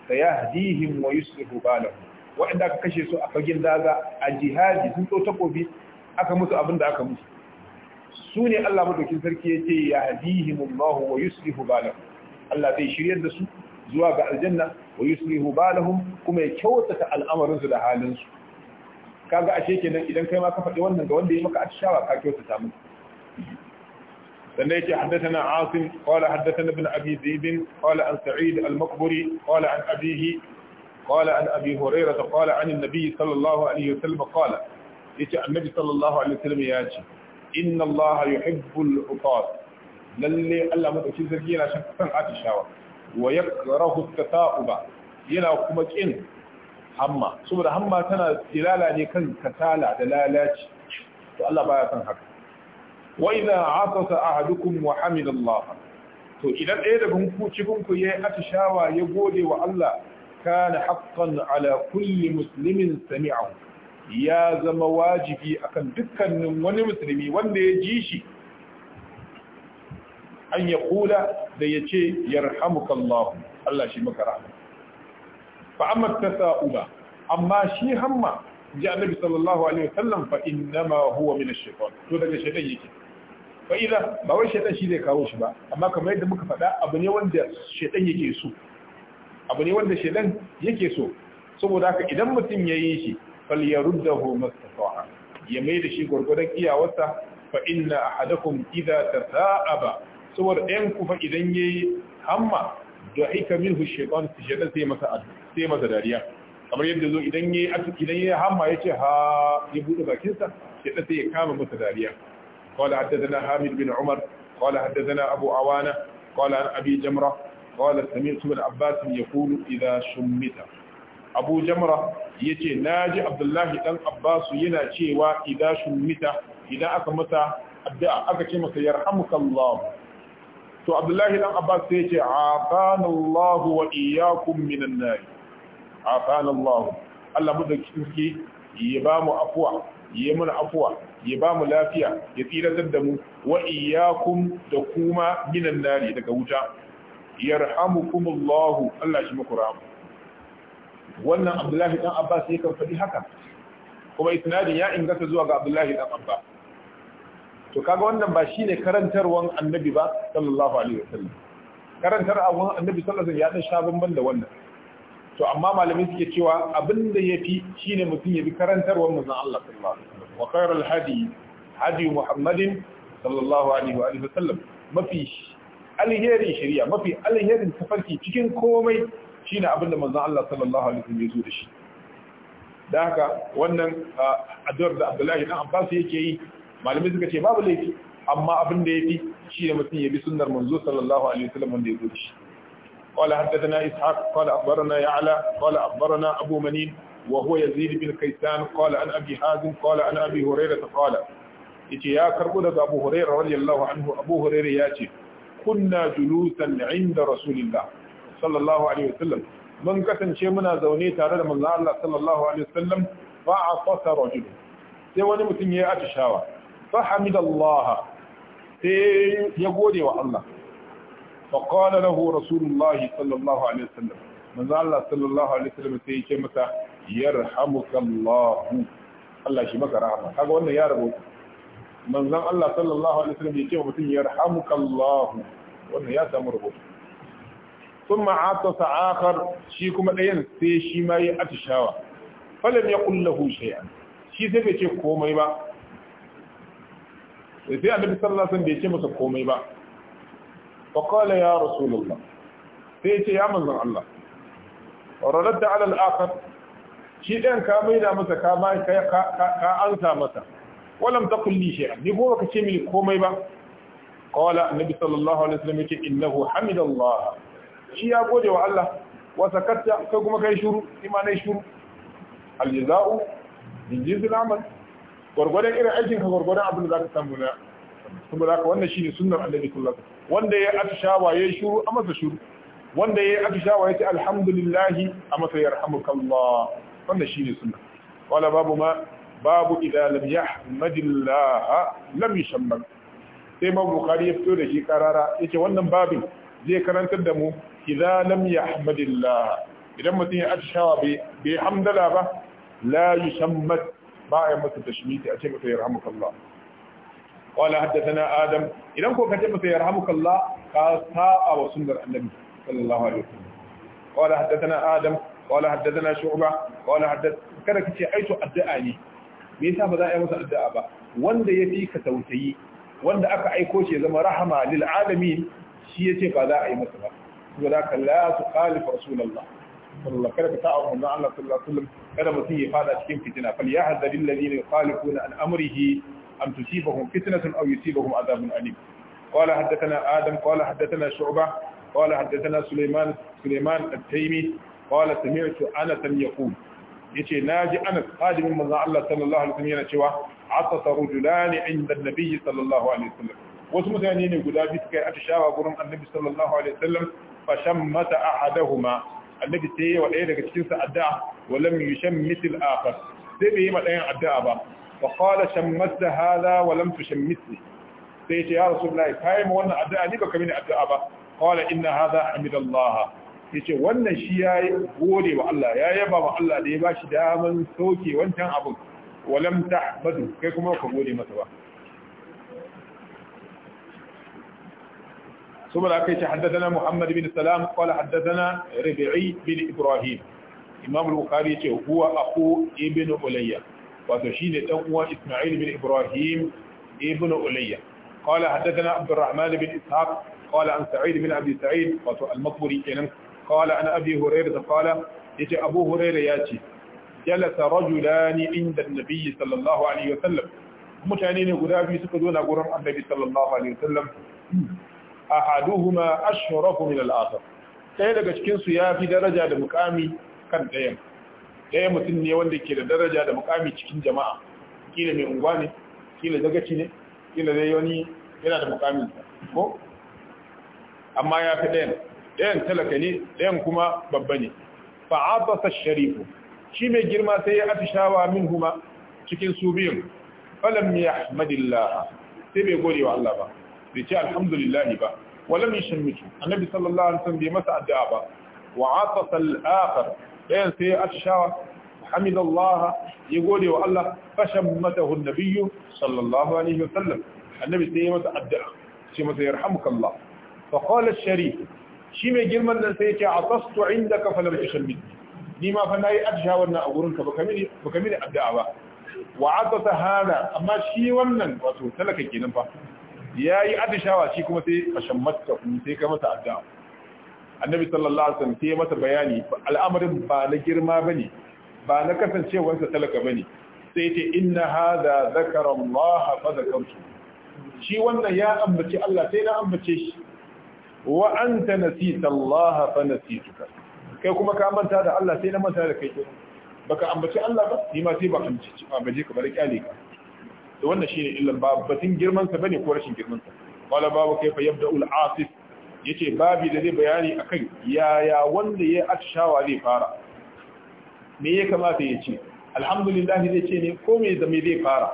sayahdihim wa yuslihu balahum wa'anda aka kashe su a fagen daga a jihadi sun tso takobi aka musu abin da aka musu su ne Allah madaukin sarki ya ce ya hadihimullahu wa yuslihu balahum Allah zai shiryar da su zuwa ga aljanna wa yuslihu balahum kuma ya kyautata al'amarinsu su da halin su kaga ashe kenan idan kai ma ka faɗi wannan ga wanda ya maka atishawa ka kyautata mu sannan yake haddathana asim qala haddathana ibn abi zaid qala an sa'id al-maqburi qala an abihi qala an abi hurairah qala an an-nabi sallallahu alaihi wasallam qala yace annabi sallallahu alaihi wasallam ya ce inna allaha yuhibbul utat lalle Allah madaukakin sarki yana shan san atishawa wa yakrahu at-tata'uba yana kuma kin hamma saboda hamma tana tilala ne kan katala da lalaci to Allah baya san haka wa idza atasa ahadukum wa hamida Allah to idan ɗaya daga ku cikin ku yayi atishawa ya gode wa Allah kana haqqan ala kulli muslimin sami'ahu ya zama wajibi akan dukkanin wani musulmi wanda ya ji shi an ya kula da ya ce yarhamukallahu Allah shi maka rahama fa amma tasa'uba amma shi hamma ji annabi sallallahu alaihi wasallam fa innama huwa min ash-shaytan to daga shaytan yake fa idan ba wai shaytan shi zai kawo shi ba amma kamar yadda muka faɗa abu ne wanda shaytan yake so abu ne wanda shaytan yake so saboda haka idan mutum ya yi shi falyaruddahu mastata'a ya mai da shi gurgurdan iyawarsa fa inna ahadakum idza tata'aba saboda ɗayan ku fa idan yayi hamma da hika minhu shaytan shaytan sai masa sai masa dariya kamar yadda zo idan yayi idan yayi hamma yace ha ya bude bakin sa shaytan sai ya kama masa dariya قال حدثنا حامد bin Umar, قال حدثنا Abu Awana, قال عن أبي جمرة قال سمعت ابن عباس يقول إذا شمت abu jamra ya ce na ji abdullahi ɗan abbasu yana cewa idan shumita idan aka masa addu'a aka ce masa yarhamukallahu to abdullahi ɗan abbas sai ce afanallahu wa iyyakum minan nar afanallahu Allah mu da kinki ya ba mu afuwa ya mana afuwa ya ba mu lafiya ya tsiratar da mu wa da kuma minan nar daga wuta yarhamukumullahu Allah shi muku rahama wannan abdullahi ɗan abbas ya kan faɗi haka kuma isnadin ya inganta zuwa ga abdullahi ɗan abbas to kaga wannan ba shine karantarwan annabi ba sallallahu alaihi wasallam karantar abun annabi sallallahu alaihi wasallam ya dan sha bamban da wannan to amma malamai suke cewa abinda da yafi shine mutum ya bi karantarwan manzon Allah sallallahu alaihi wasallam wa khairul hadi hadi muhammadin sallallahu alaihi wa alihi wasallam mafi alherin shari'a mafi alherin tafarki cikin komai shine abinda manzon Allah sallallahu alaihi wasallam ya zo da shi da haka wannan addu'ar da Abdullahi dan Abbas yake yi malamai suka ce babu laifi amma abin da yafi ne mutum ya bi sunnar manzo sallallahu alaihi wasallam wanda ya zo da shi قال حدثنا إسحاق قال أخبرنا يعلى قال أخبرنا أبو abu وهو يزيد بن كيسان قال عن أبي حازم قال عن sallallahu alaihi wasallam mun kasance muna zaune tare da manzon Allah sallallahu alaihi wasallam fa asata rajul sai wani mutum yayi atishawa fa hamidallaha sai ya gode wa Allah fa qala lahu rasulullahi sallallahu alaihi wasallam manzon Allah sallallahu alaihi wasallam sai ya ce masa yarhamukallahu Allah shi maka rahama kaga wannan ya rabo manzon Allah sallallahu alaihi wasallam ya ce mutum yarhamukallahu wannan ya samu rubutu ثم عاد آخر شيكم الأين سيشي ماي أتشاوى فلم يقل له شيئا شي سيبي تشي كومي با سيبي النبي صلى الله عليه وسلم بيشي مصر كومي با فقال يا رسول الله سيشي يا من الله ورد على الآخر شي دين كامينا مصر كامي كا كا كا كا ولم تقل لي شيئا نقول لك شي ملي كومي با قال النبي صلى الله عليه وسلم إنه حمد الله shi ya gode wa Allah wa sakatta kai kuma kai shuru imanai shuru aljaza'u min jinsil amal gwargwadon irin aikin ka gwargwadon abin da za zaka samu na saboda haka wannan shine sunnar annabi Wanda ya wasallam wanda ya yi shuru a masa shuru wanda ya atishawa yace alhamdulillah a masa yarhamukallah wannan shi ne sunan. wala babu ma babu idan lam yahmadillah lam yashammak sai ma bukari ya fito da shi karara yace wannan babin zai karanta da mu idza lam yahmadillah idan mutum ya atshawa bai hamdala ba la yusammat ba ya masa tashmiti a ce masa yarhamukallah wala haddathana adam idan ko kace masa yarhamukallah ka sa'a wa sunnar annabi sallallahu alaihi wasallam wala haddathana adam wala haddathana shu'ba wala haddath kada kace aito addu'a ne me yasa ba za a yi masa addu'a ba wanda ya fi ka tausayi wanda aka aiko shi ya zama rahama lil alamin shi ce ba za a yi masa ba saboda ka la su khalif rasulullah sallallahu kada ka ta'a manzon Allah sallallahu alaihi wasallam kada mutum ya fada cikin fitina fal yahdharil ladina yukhalifuna an amrihi an tusibahum fitnatun aw yusibahum adhabun alim قال حدثنا آدم قال حدثنا شعبة قال حدثنا سليمان سليمان التيمي قال سمعت أنس يقول yace naji Anas hadimin manzo Allah sallallahu alaihi wasallam yana cewa atasa rajulani inda annabi sallallahu alaihi wasallam wasu mutane ne guda biyu suka yi atishawa gurin annabi sallallahu alaihi wasallam fa shammata ahaduhuma annabi sai ya wadaya daga cikin sa addu'a wa lam yushammit al-akhar sai bai yi ma dayan addu'a ba fa qala shammata hadha wa lam tushammitni sai ce ya rasulullahi kai mu wannan addu'a ni ba baka mini addu'a ba qala inna hadha hamidallah yace wannan shi yayi gode wa Allah ya yaba wa Allah da ya bashi daman soke wancan abu walam tahmadu kai kuma ka gode masa ba ثم لقيت حدثنا محمد بن سلام قال حدثنا ربيعي بن إبراهيم إمام البخاري هو أخو ابن أولية وتشين هو إسماعيل بن إبراهيم ابن أولية قال حدثنا عبد الرحمن بن إسحاق قال عن سعيد بن أبي سعيد المقبري كان قال عن أبي هريرة قال يتي أبو هريرة ياتي جلس رجلان عند النبي صلى الله عليه وسلم متعنين قدابي سكدون قرم النبي صلى الله عليه وسلم ahaduhuma ashrafu min al-akhar ɗaya daga cikin su yafi daraja da mukami kan ɗayan ɗaya mutum ne wanda ke da daraja da mukami cikin jama'a kila mai unguwa ne kila dagaci ne kila dai wani yana da mukamin ko amma ya fi ɗayan ɗayan talaka ne ɗayan kuma babba ne fa'abasa sharifu shi mai girma sai ya afishawa min huma cikin su biyun falam ya ahmadillah sai bai gode wa Allah ba bai ce alhamdulillah ba shan mutu annabi sallallahu alaihi wasallam bai masa addu'a ba wa atasa al-akhar dan sai atshawa hamidallah ya gode wa Allah fashammatahu an-nabiy sallallahu alaihi wasallam annabi sai ya masa addu'a sai masa yarhamukallah fa qala ash-sharif shi mai girman nan sai ya ce atastu indaka falam mutu ni ma fa nayi atsha wannan a gurinka baka mini baka mini addu'a ba wa atasa hada amma shi wannan wato talaka kenan fa Ya yi atishawa shi kuma sai fashammatta sai ka mata addu'a annabi sallallahu alaihi wasallam sai masa bayani al'amarin ba na girma bane ba na kasancewarsa talaka bane sai ce inna hadha zakara Allah fa zakartu shi wannan ya ambaci Allah sai na ambace shi wa anta nasita Allah fa nasituka kai kuma ka manta da Allah sai na manta da kai baka ambace Allah ba ni ma sai ba ambaci ba je ka bar kyale ka to wannan shine illan babu batun girman sa bane ko rashin girman sa qala babu kayfa yabda'u al-asif yace babi da zai bayani akan yaya wanda ya atshawa zai fara me ya kamata ya ce alhamdulillah zai ce ne ko me da me zai fara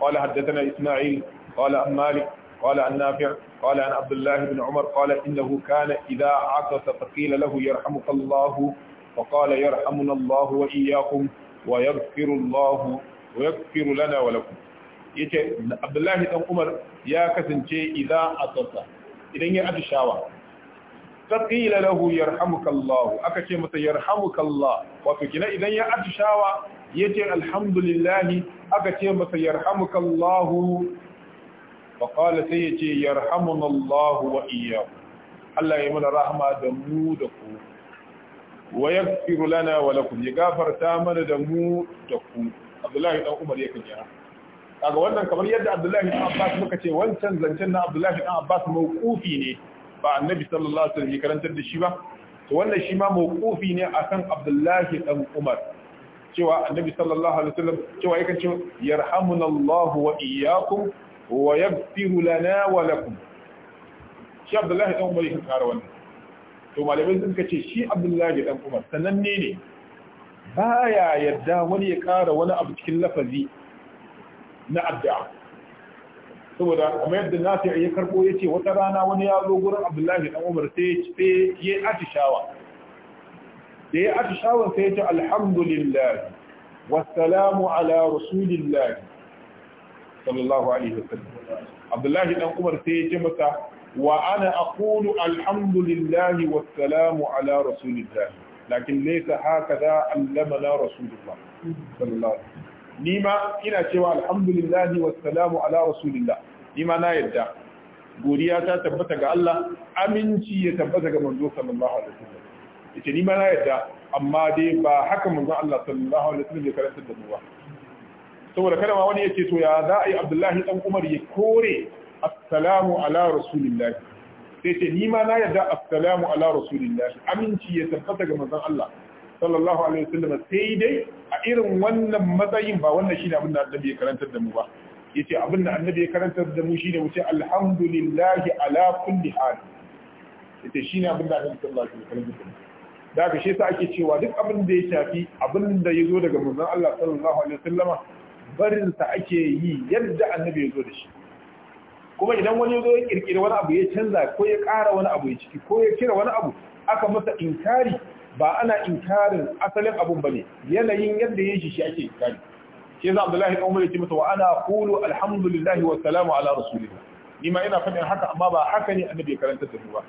qala haddathana isma'il qala an malik قال عن نافع قال عن عبد الله بن عمر قال إنه كان إذا عطس فقيل له يرحمك يرحمنا الله وإياكم ويغفر الله ويغفر لنا ولكم yace Abdullahi dan Umar ya kasance idza atasa idan ya atishawa faqila lahu yarhamukallah aka ce masa Allah wato kina idan ya shawa yace alhamdulillah aka ce masa yarhamukallah faqala sai yace yarhamunallah wa iyyakum Allah ya mana rahama da mu da ku wa yaghfir lana wa lakum ya gafarta mana da mu da ku Abdullahi dan Umar yake jira kaga wannan kamar yadda Abdullahi ibn Abbas muka ce wancan zancen na Abdullahi ibn Abbas mawqufi ne ba annabi sallallahu alaihi wasallam karantar da shi ba to wannan shi ma mawqufi ne akan Abdullahi dan Umar cewa annabi sallallahu alaihi wasallam cewa yakan ce yarhamunallahu wa iyyakum wa yaghfiru lana wa lakum shi Abdullahi dan Umar yake kare wannan to malamai sun kace shi Abdullahi dan Umar sananne ne baya yadda wani ya kara wani abu cikin lafazi na addu'a saboda kamar yadda nafi ya karbo ya ce wata rana wani ya zo gurin abdullahi dan umar sai ya yi atishawa da ya atishawa sai ya ce alhamdulillah wasalamu ala rasulillah sallallahu alaihi wasallam abdullahi dan umar sai ya ce masa wa ana aqulu alhamdulillah wasalamu ala rasulillah lakin laysa hakada allamana rasulullah sallallahu alaihi wasallam ni ma ina cewa wa salamu ala rasulillah ni ma na yadda godiya ta tabbata ga Allah aminci ya tabbata ga manzo sallallahu alaihi wasallam yace ni ma na yadda amma dai ba haka manzo Allah sallallahu alaihi wasallam ya karanta da mu ba saboda kada ma wani yace to ya za a yi Abdullahi dan Umar ya kore assalamu ala rasulillah sai ce ni ma na yadda assalamu ala rasulillah aminci ya tabbata ga manzo Allah sallallahu alaihi wasallam sai dai a irin wannan matsayin ba wannan shine abin da annabi ya karantar da mu ba yace abin da annabi ya karantar da mu shine mu ce alhamdulillahi ala kulli hal yace shine abin da annabi sallallahu alaihi wasallam ya karantar da mu da ga shi yasa ake cewa duk abin da ya shafi abin da ya zo daga manzon Allah sallallahu alaihi wasallama barin sa ake yi yadda annabi ya zo da shi kuma idan wani ya zo ya kirkira wani abu ya canza ko ya ƙara wani abu ya ciki ko ya kira wani abu aka masa inkari ba ana inkarin asalin abun ba ne. yanayin yadda ya shi shi ake inkari shi za Abdullahi Umar ya ce masa wa ana qulu alhamdulillahi wa salamu ala rasulillah ni ma ina fadin haka amma ba haka ne annabi ya karanta da ba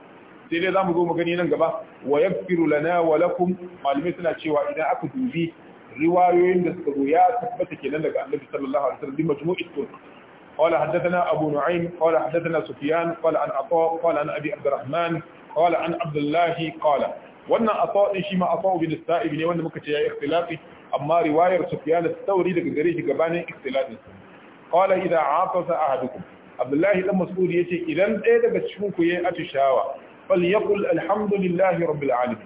sai dai zamu zo mu gani nan gaba wa yaghfiru lana wa lakum malamai suna cewa idan aka dubi riwayoyin da suka zo ya tabbata kenan daga annabi sallallahu alaihi wasallam majmu'i sun قال حدثنا أبو نعيم قال حدثنا سفيان قال عن عطاء قال عن أبي عبد الرحمن قال عن عبد الله قال wannan asau din shi ma asawa bin sa'ib ne wanda muka ce ya ikhtilafi amma riwayar sufyan al-thawri daga gare shi gabanin ikhtilafin qala idza atasa ahadukum abdullahi dan mas'ud yace idan ɗaya daga cikin ku yayi atishawa falyaqul alhamdulillahi rabbil alamin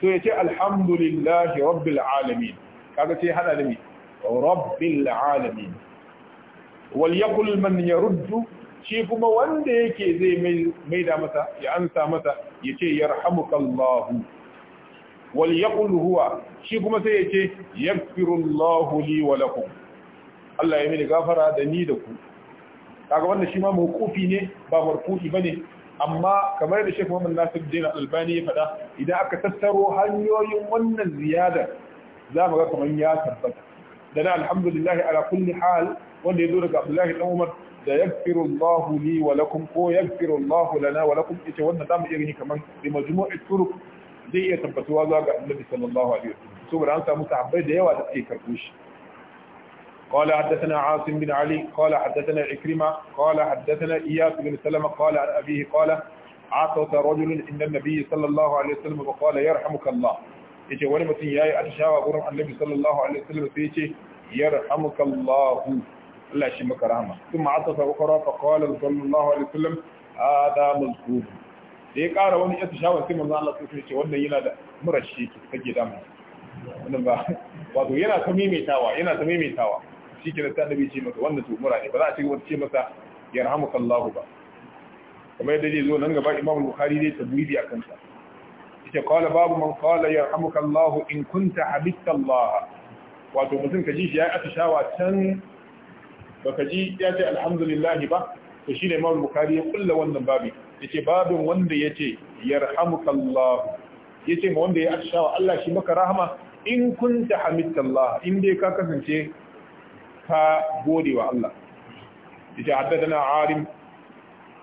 to yace alhamdulillahi rabbil alamin kaga sai hada da mi rabbil alamin وليقل ya ruddu. shi kuma wanda yake zai maida masa ya ansa masa ya ce yarhamukallahu wal yaqul huwa shi kuma sai ya ce yaghfirullahu li wa Allah ya mini gafara da ni da ku kaga wannan shi ma mawqufi ne ba marfu'i ne. amma kamar da Sheikh Muhammad Nasiruddin Albani ya faɗa idan aka tattaro hanyoyin wannan ziyadar za mu ga kamar ya tabbata dan alhamdulillah ala kulli hal wanda ya zo daga Abdullahi dan Umar da yaghfirullahu li wa lakum ko yaghfirullahu lana wa lakum ita wannan zamu iya gani kaman da majmu'at turuq zai iya tabbatuwa zuwa ga Annabi sallallahu alaihi wasallam saboda an samu sahabbai da yawa da suke karbo shi قال حدثنا عاصم بن علي قال حدثنا عكرمة قال حدثنا إياس بن سلمة قال عن أبيه قال عطس رجل عند النبي صلى الله عليه وسلم وقال يرحمك الله yace wani mutum yayi atishawa gurin Annabi sallallahu alaihi wasallam sai yace yarhamukallahu لا شيء مكرامة ثم عطف أخرى فقال صلى الله عليه وسلم هذا ملكوب دي قال وني اتشاوى سيما الله صلى الله عليه وسلم وني ينا مرشيك فجي دامه ونبا وقال ينا تميمي تاوى ينا تميمي تاوى شيك نتعلم بي شيمك وانا تو مراني فلا شيك وانا شيمك يرحمك الله با وما يدري زون انقبا إمام البخاري دي تبويد يا كنسا قال باب من قال يرحمك الله إن كنت حبيت الله وقال مزنك جيش يا اتشاوى تن baka ji ya ce alhamdulillah ba to shine Imam Bukhari ya kulla wannan babi yace babin wanda yace yarhamukallah yace ma wanda ya akshawa Allah shi maka rahama in kunta hamidallah in dai ka kasance ka gode wa Allah yace haddathana Arim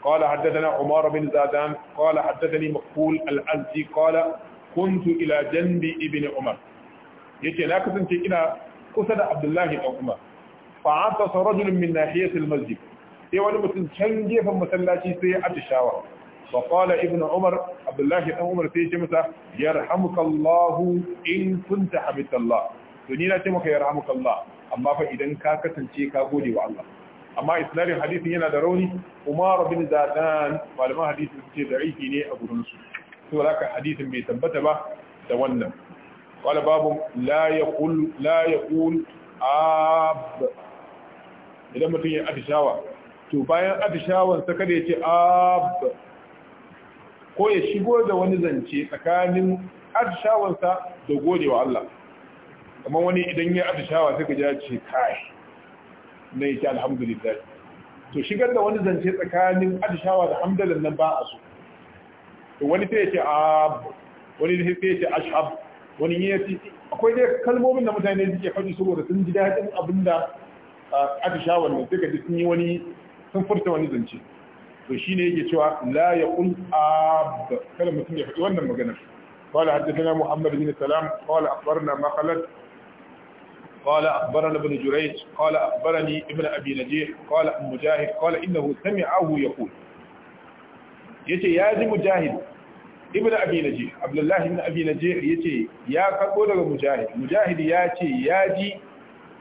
قال حدثنا عمار بن زادان قال حدثني مقبول الأزدي قال كنت إلى جنب ابن عمر yace na kasance ina kusa da Abdullahi dan Umar fa atasa rajulun min nahiyatil masjid sai wani mutum can gefen masallaci sai ya atishawa fa qala Ibn umar abdullahi dan umar sai ya ce masa yarhamukallahu in kunta hamidallah to ni na ce maka yarhamukallah amma fa idan ka kasance ka gode wa Allah amma isnadin hadisin yana da rauni umar bin zadan malaman hadisin ce aiki ne a gurin su to hadisin bai tabbata ba da wannan qala babu la yaqul la yaqul ab idan mutum ya atishawa to bayan atishawan sa kada ya ce ab ko ya shigo da wani zance tsakanin atishawan sa da godewa Allah kamar wani idan ya atishawa sai kaje ce kai na yake alhamdulillah to shigar da wani zance tsakanin atishawa da hamdalan nan ba a so to wani sai ya ce ab wani sai ya ce ashab wani ya ce akwai dai kalmomin da mutane suke faɗi saboda sun ji daɗin abinda aisha wannan suka ji sun yi wani sun furta wani zance to shi ne yake cewa la ya kun abd kada mutum ya faɗi wannan magana kawai haddana muhammadu bin salam kawai akbar na makalar kawai akbar na bin jurais kawai akbar ni ibn abi naje kawai mujahid kawai inda hu sami ahu ya kun ya ce ya ji mujahid abdullahi ibn abi naje ya ya kaɗo daga mujahid mujahid ya ce ya ji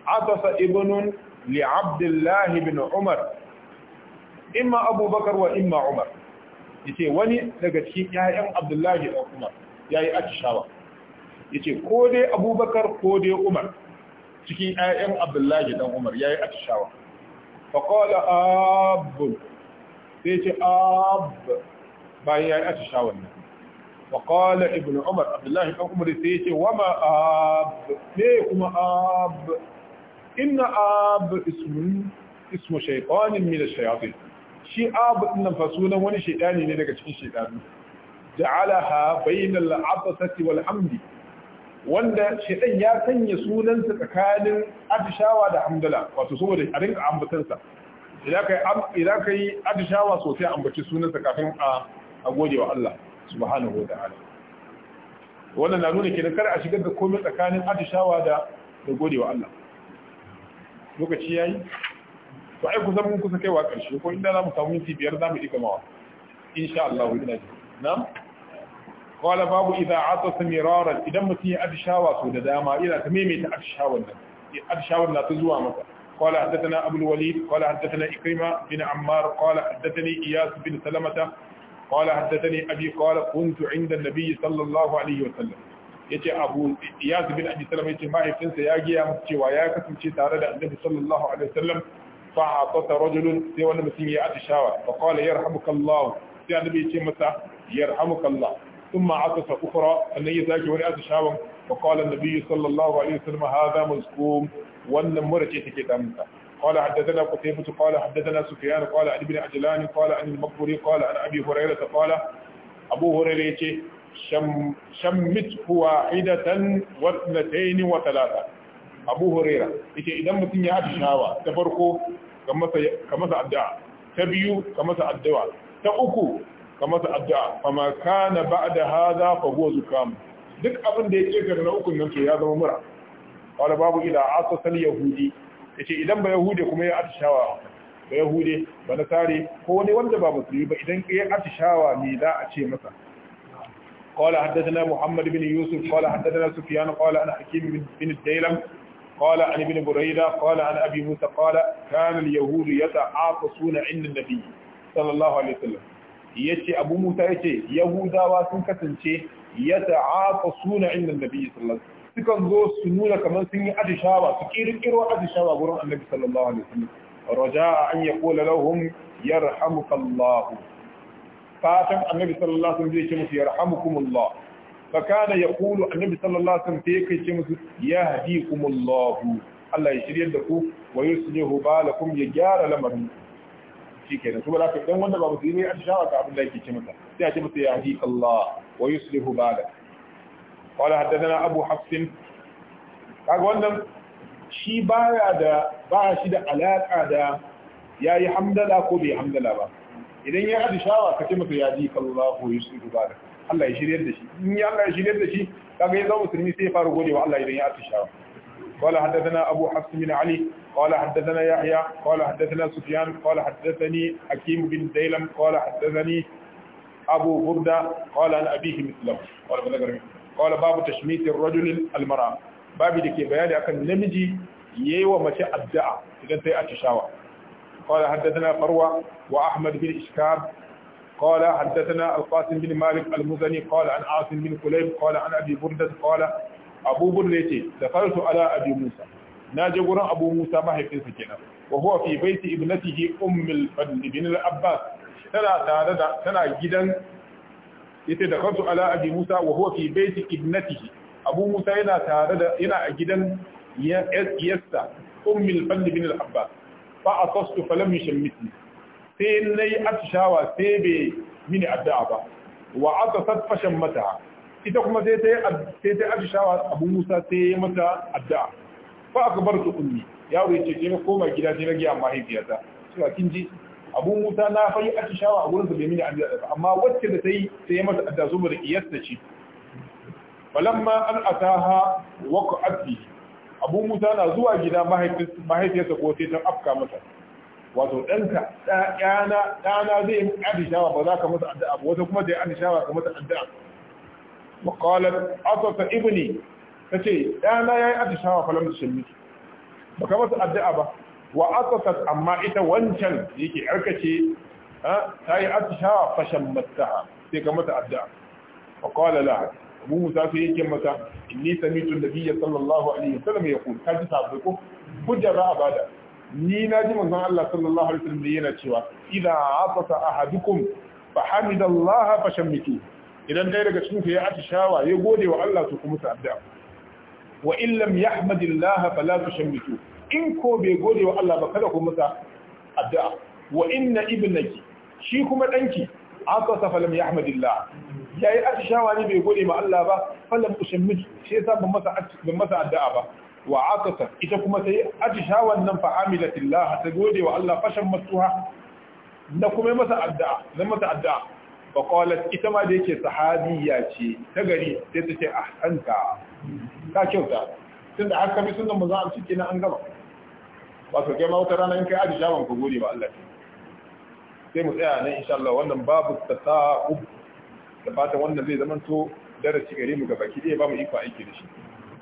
عطس ابن li abdullah ibn umar imma abubakar wa imma umar yace wani daga cikin ƴaƴan abdullah ibn umar yayi atishawa yace ko dai abubakar ko dai umar cikin ƴaƴan abdullah ibn umar yayi atishawa fa qala ab sai yace ab bayan yayi atishawa وقال ابن عمر عبد الله بن عمر سيتي وما آب ليه كما آب inna ab ismun ismu shaytanin min ash-shayatin shi ab inna fa sunan wani shaytani ne daga cikin shaytanu ja'alaha bainal abasati wal hamdi wanda shaytan ya sanya sunansa tsakanin atishawa da hamdala wato saboda a rinka ambatansa idan kai idan kai atishawa sosai ambaci sunansa kafin a a gode wa Allah subhanahu wa wannan na nuna kenan kar a shigar da komai tsakanin atishawa da gode wa Allah lokaci yi to ai kusan mun kusa kaiwa ƙarshe ko inda za mu samu minti biyar za mu iya gamawa insha Allah ina ji na'am qala babu idza atasa miraran idan mutum ya adishawa to da dama yana ta maimaita adshawan nan adshawan na ta zuwa mata قال حدثنا أبو الوليد قال حدثنا إكرمة بن عمار قال حدثني إياس بن سلمة قال حدثني أبي قال كنت عند النبي صلى الله عليه وسلم yace abu iyaz bin abi salama yace mahaifinsa ya giya masa cewa ya kasance tare da annabi sallallahu alaihi wasallam fa atata rajulun sai wani mutum ya atishawa fa qala yarhamukallah sai annabi yace masa yarhamukallah ثم عطس أخرى أن يزاك ورئة شابا فقال النبي صلى الله عليه وسلم هذا مزكوم وأن مرتي تكتمت قال حدثنا قتيبة قال حدثنا سفيان قال عن ابن عجلان قال عن المقبري قال عن أبي هريرة قال أبو هريرة shammitku wahidatan wa ni wa talata. Abu Huraira yake idan mutum ya atishawa ta farko ka masa addu'a ta biyu ka masa addu'a ta uku ka masa addu'a fa ma kana ba'da hadha fa huwa zukam duk abin da yake ga na ukun nan to ya zama mura wala babu ila asasal yahudi yace idan ba yahude kuma ya atishawa ba yahude ba na sare, ko wani wanda ba musulmi ba idan ya atishawa me za a ce masa قال حدثنا محمد بن يوسف قال حدثنا سفيان قال عن حكيم بن الديلم قال عن ابن بريدة قال عن أبي موسى قال كان اليهود يتعاطسون عند النبي صلى الله عليه وسلم yace abu musa yace yahudawa sun kasance yata'atasuna inda annabi sallallahu alaihi wasallam sukan zo su nuna kamar sun yi atishawa su kirkiro atishawa gurin annabi sallallahu alaihi wasallam raja'a an yaqula lahum yarhamukallahu fatan annabi sallallahu alaihi wasallam zai ce musu yarhamukumullah fa kana yaqulu annabi sallallahu alaihi wasallam sai yake ce musu yahdikumullah Allah ya shiryar da ku wa yuslihu balakum ya gyara lamarin shikenan saboda haka idan wanda ba musulmi ne an shawa ka abin da yake ce masa sai a ce masa yahdi Allah wa yuslihu balak qala haddathana abu hafs kaga wannan shi baya da ba shi da alaka da yayi hamdala ko bai hamdala ba idan ya hadi shawa ka ce masa ya ji kallahu yusiru ba Allah ya shiryar da shi in ya Allah ya shi kaga ya musulmi sai ya fara gode wa Allah idan ya hadi shawa qala abu hafs min ali qala haddathana yahya qala haddathana sufyan qala haddathani hakim bin daylam qala haddathani abu burda qala an abihi mithlahu qala bana garmi qala babu da ke bayani akan namiji yayi wa mace addu'a idan tayi atishawa قال حدثنا فروة وأحمد بن إشكاب قال حدثنا القاسم بن مالك المزني قال عن عاصم بن كليب قال عن أبي بردة قال أبو بردة دخلت على أبي موسى ناجي أبو موسى ما هي كنا وهو في بيت ابنته أم الفضل بن الأباس تنا تاردا تنا جدا يتدخلت على أبي موسى وهو في بيت ابنته أبو موسى هنا تاردا ينا جدا يسا أم الفضل بن الأباس fa asastu falam yushammitni sai na nayi atishawa sai bai mini addu'a ba wa aka fa mata, ita kuma sai ta sai ta atishawa Abu Musa sai ya mata addu'a fa akbartu ummi yaro yace sai na koma gida sai na ga mahaifiyata cewa kin ji Abu Musa na fa yi atishawa a gurin su bai mini addu'a ba amma wacce da tai sai ya mata addu'a saboda iyasta ce falamma an ataha waqa'at bihi abu musa na zuwa gida mahaifiyarsa ko sai ta afka mata. wato ɗanka ɗana zai yi adishawa ba za ka masa addu'a ba wata kuma da ya adishawa ka mata addu'a wa qalat asata ibni ce ɗana ya yayi adishawa fa lam tusalli ba ka masa addu'a ba wa asata amma ita wancan yake arkace ta yi adishawa fa shammataha sai ka mata addu'a wa qala laha abu musa sai yake masa inni samitu nabiyya sallallahu alaihi wasallam yaqul kaji sabai ko hujjar ra'a bada ni na ji manzon Allah sallallahu alaihi wasallam yana cewa idza afasa ahadukum fa hamidallaha fa shammitu idan dai daga cikin ku ya atishawa ya gode wa Allah to kuma sa addu'a wa in lam yahmadillaha fala tushammitu in ko bai gode wa Allah ba kada ku masa addu'a wa inna ibnaki shi kuma danki aqasa falam yahmadillah yayi atishawa ne mai gode ma Allah ba fallam ushammij shi ya ban masa ban masa addu'a ba wa atata ita kuma tayi atishawan nan fa amilatillah ta gode wa Allah fashan matuha na kuma masa addu'a na masa addu'a ba. qalat ita ma da yake sahabiya ce ta gari sai ta ce a hanta. Ta kyauta tunda har ka bi sunnan manzo a ciki na an gaba su kai ma wata rana in kai atishawan ku gode wa Allah sai mu tsaya ne insha Allah wannan babu ta tasa'ub da fatan wannan zai zama to darasi gare mu gaba ki ba mu iko aiki da shi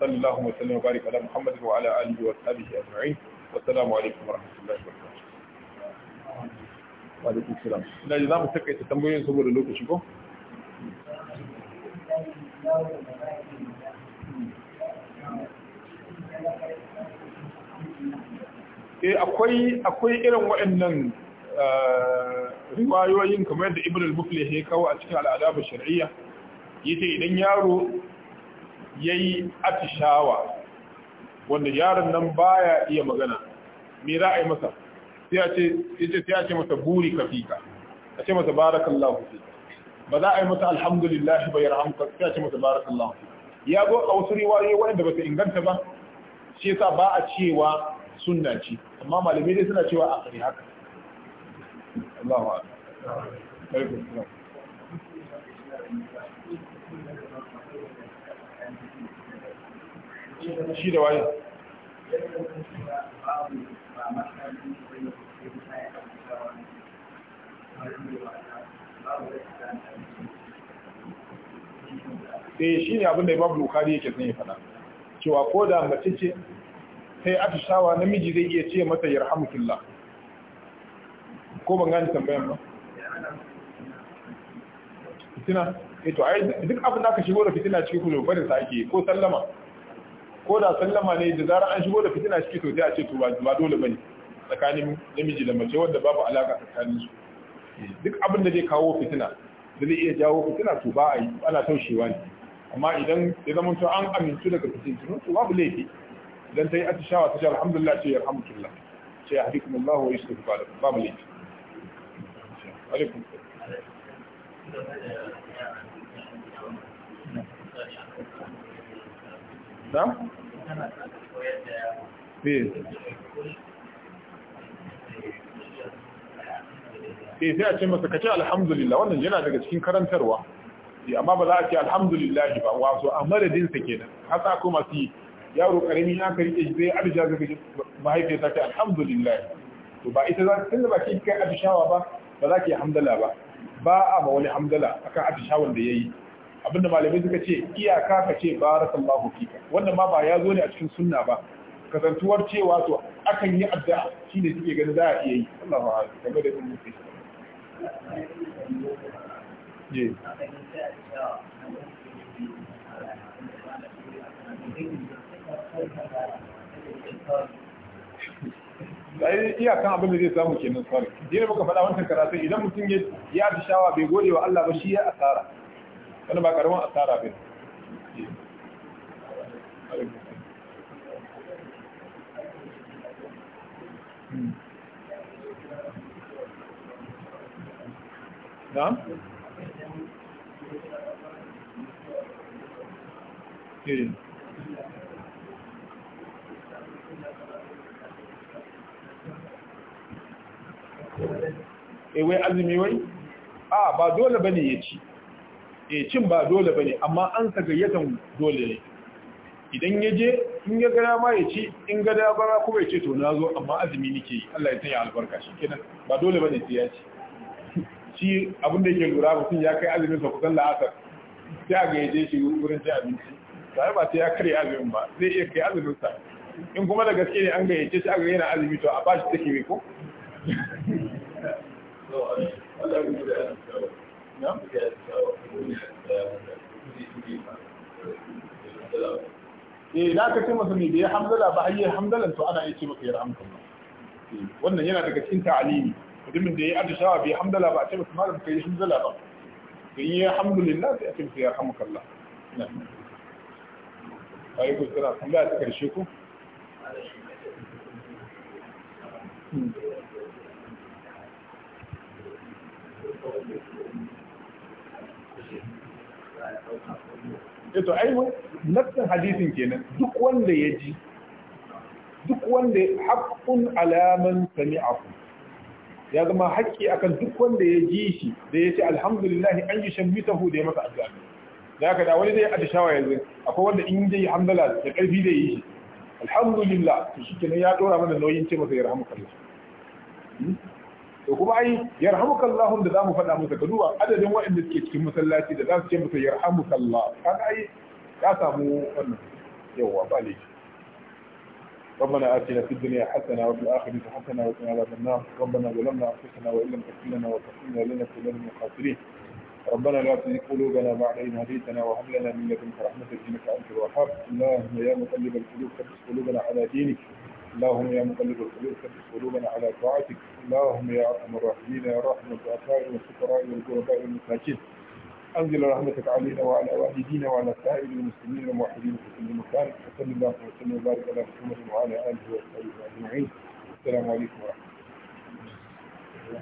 sallallahu alaihi wa sallam baraka ala muhammad wa ala alihi wa sahbihi ajma'in assalamu alaikum wa rahmatullahi wa barakatuh wa alaikum salam ina ji za mu takaita tambayoyin saboda lokaci ko eh akwai akwai irin waɗannan Eh, riwayoyin kamar da ibn al-muflih ya kawo a cikin al'adabu shar'iyya yace idan yaro yayi atishawa wanda yaron nan baya iya magana me za a yi masa sai a ce yace sai a ce masa buri kafika a ce masa barakallahu fi ba za a yi masa alhamdulillah ba yarhamka sai a ce masa barakallahu fi ya go a wasu riwayoyi wanda ba su inganta ba shi yasa ba a cewa sunna ce amma malamai dai suna cewa a haka Allahu akbar alaikum salam da waye eh shi ne abinda imam bukari yake son ya fada cewa ko da mace ce sai atishawa namiji zai iya ce mata yarhamukillah ko ban gane tambayan ba fitina eh to ai duk abin da aka shigo da fitina cikin ku bari sa ake ko sallama ko da sallama ne da zarar an shigo da fitina cikin to sai a ce to ba dole bane tsakanin namiji da mace wanda babu alaka tsakanin su duk abin da zai kawo fitina da zai iya jawo fitina to ba a yi ana taushewa ne amma idan ya zama to an amintu daga fitintunan to babu laifi idan ta yi atishawa ta ce alhamdulillah ce yarhamdulillah ce ya hadikum Allah wa yusuf ba babu laifi alaikum da? Eh, sai a ce masa kace alhamdulillah wannan yana daga cikin karantarwa eh, amma ba za a ce alhamdulillah ba wato a madadin sa kenan hasa ko masu yaro karimi na kari ke zai arja ga mahaifiyarsa ta alhamdulillah to ba ita za ta tunda ba ke kai abishawa ba ba za ki yi hamdala ba ba a ma wani hamdala akan atishawan da ya yi abinda malamai suka ce iyaka ka ce ba fika wannan ma ba ya zo ne a cikin sunna ba kasantuwar cewa to akan yi addu'a shine suke ganin za a iya yi Allahu Thank you. ai iyakan abin da zai samu kenan sai dai baka faɗa wancan karatu idan mutum ya ya shawa bai gode wa Allah ba shi ya asara wannan ba karaman asara ba Na'am? Eh. eh wai azumi wai a ba dole bane ya ci eh cin ba dole bane amma an ka gayyatan dole ne idan ya je in ya gara ma ya ci in ga dabara kuma ya ce to na zo amma azumi nake yi Allah ya tanya albarka shi kenan ba dole bane sai ya ci shi abin da yake lura mutum ya kai azumin sa kusan la'asar sai a je shi wurin cin abinci sai ba sai ya karya azumin ba zai iya kai azumin sa in kuma da gaske ne an gayyace shi a ga yana azumi to a bashi take ko eh da aka ce masa mai da ya hamdala ba hayyar hamdalan to ana iya ce maka ya hamdala wannan yana daga cikin ta'alimi mutumin da ya yi addishawa bai hamdala ba a ce masa malam kai hamdala ba in yi hamdulillah sai a ce masa ya hamdala ayi tambaya ta karshe Eh to ai nafsin hadisin kenan duk wanda ya ji duk wanda haqqun alaman sami'ahu ya zama haƙƙi akan duk wanda ya ji shi da ya ce alhamdulillah an yi shammitahu da ya masa addu'a da haka da wani zai tashawa yanzu akwai wanda in zai yi hamdala da ƙarfi zai yi shi alhamdulillah to shi kenan ya dora mana nauyin ce masa ya rahama kallon hmm? to kuma ai yarhamukallahu da zamu faɗa musu ka duba adadin waɗanda suke cikin masallaci da za su ce musu yarhamukallah kaga ai ka samu wannan yawa ba laifi ربنا آتنا في الدنيا حسنة وفي الآخرة حسنة وقنا عذاب النار ربنا ظلمنا أنفسنا وإن لم تغفر لنا وتغفر لنا لنكونن من الخاسرين ربنا لا تزغ قلوبنا بعد إذ هديتنا وهب لنا من لدنك رحمة إنك أنت الوهاب اللهم يا مقلب القلوب ثبت قلوبنا على دينك اللهم يا مقلب القلوب ثبت قلوبنا على طاعتك اللهم يا ارحم الراحمين يا رحمة الضعفاء والفقراء والغرباء والمساكين انزل رحمتك علينا وعلى والدينا وعلى سائر المسلمين والموحدين في كل مكان وصلى الله وسلم وبارك على محمد وعلى اله وصحبه اجمعين السلام عليكم ورحمه الله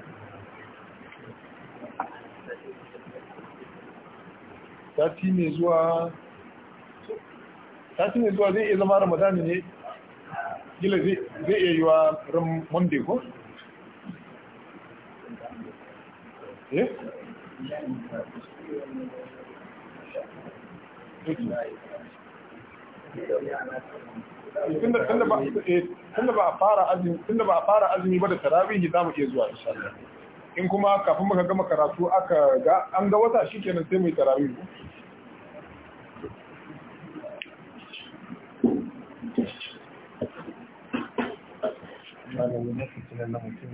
sati mai zuwa sati mai zuwa zai iya zama ramadani ne kila zai iya yiwa ran monday ko? Eh? Eh, tunda ba a fara azumi ba da tarabihi za mu iya zuwa insha in kuma kafin muka gama karatu aka ga an ga wata kenan sai mu yi tarabihi malamin mafi fitinan na mutum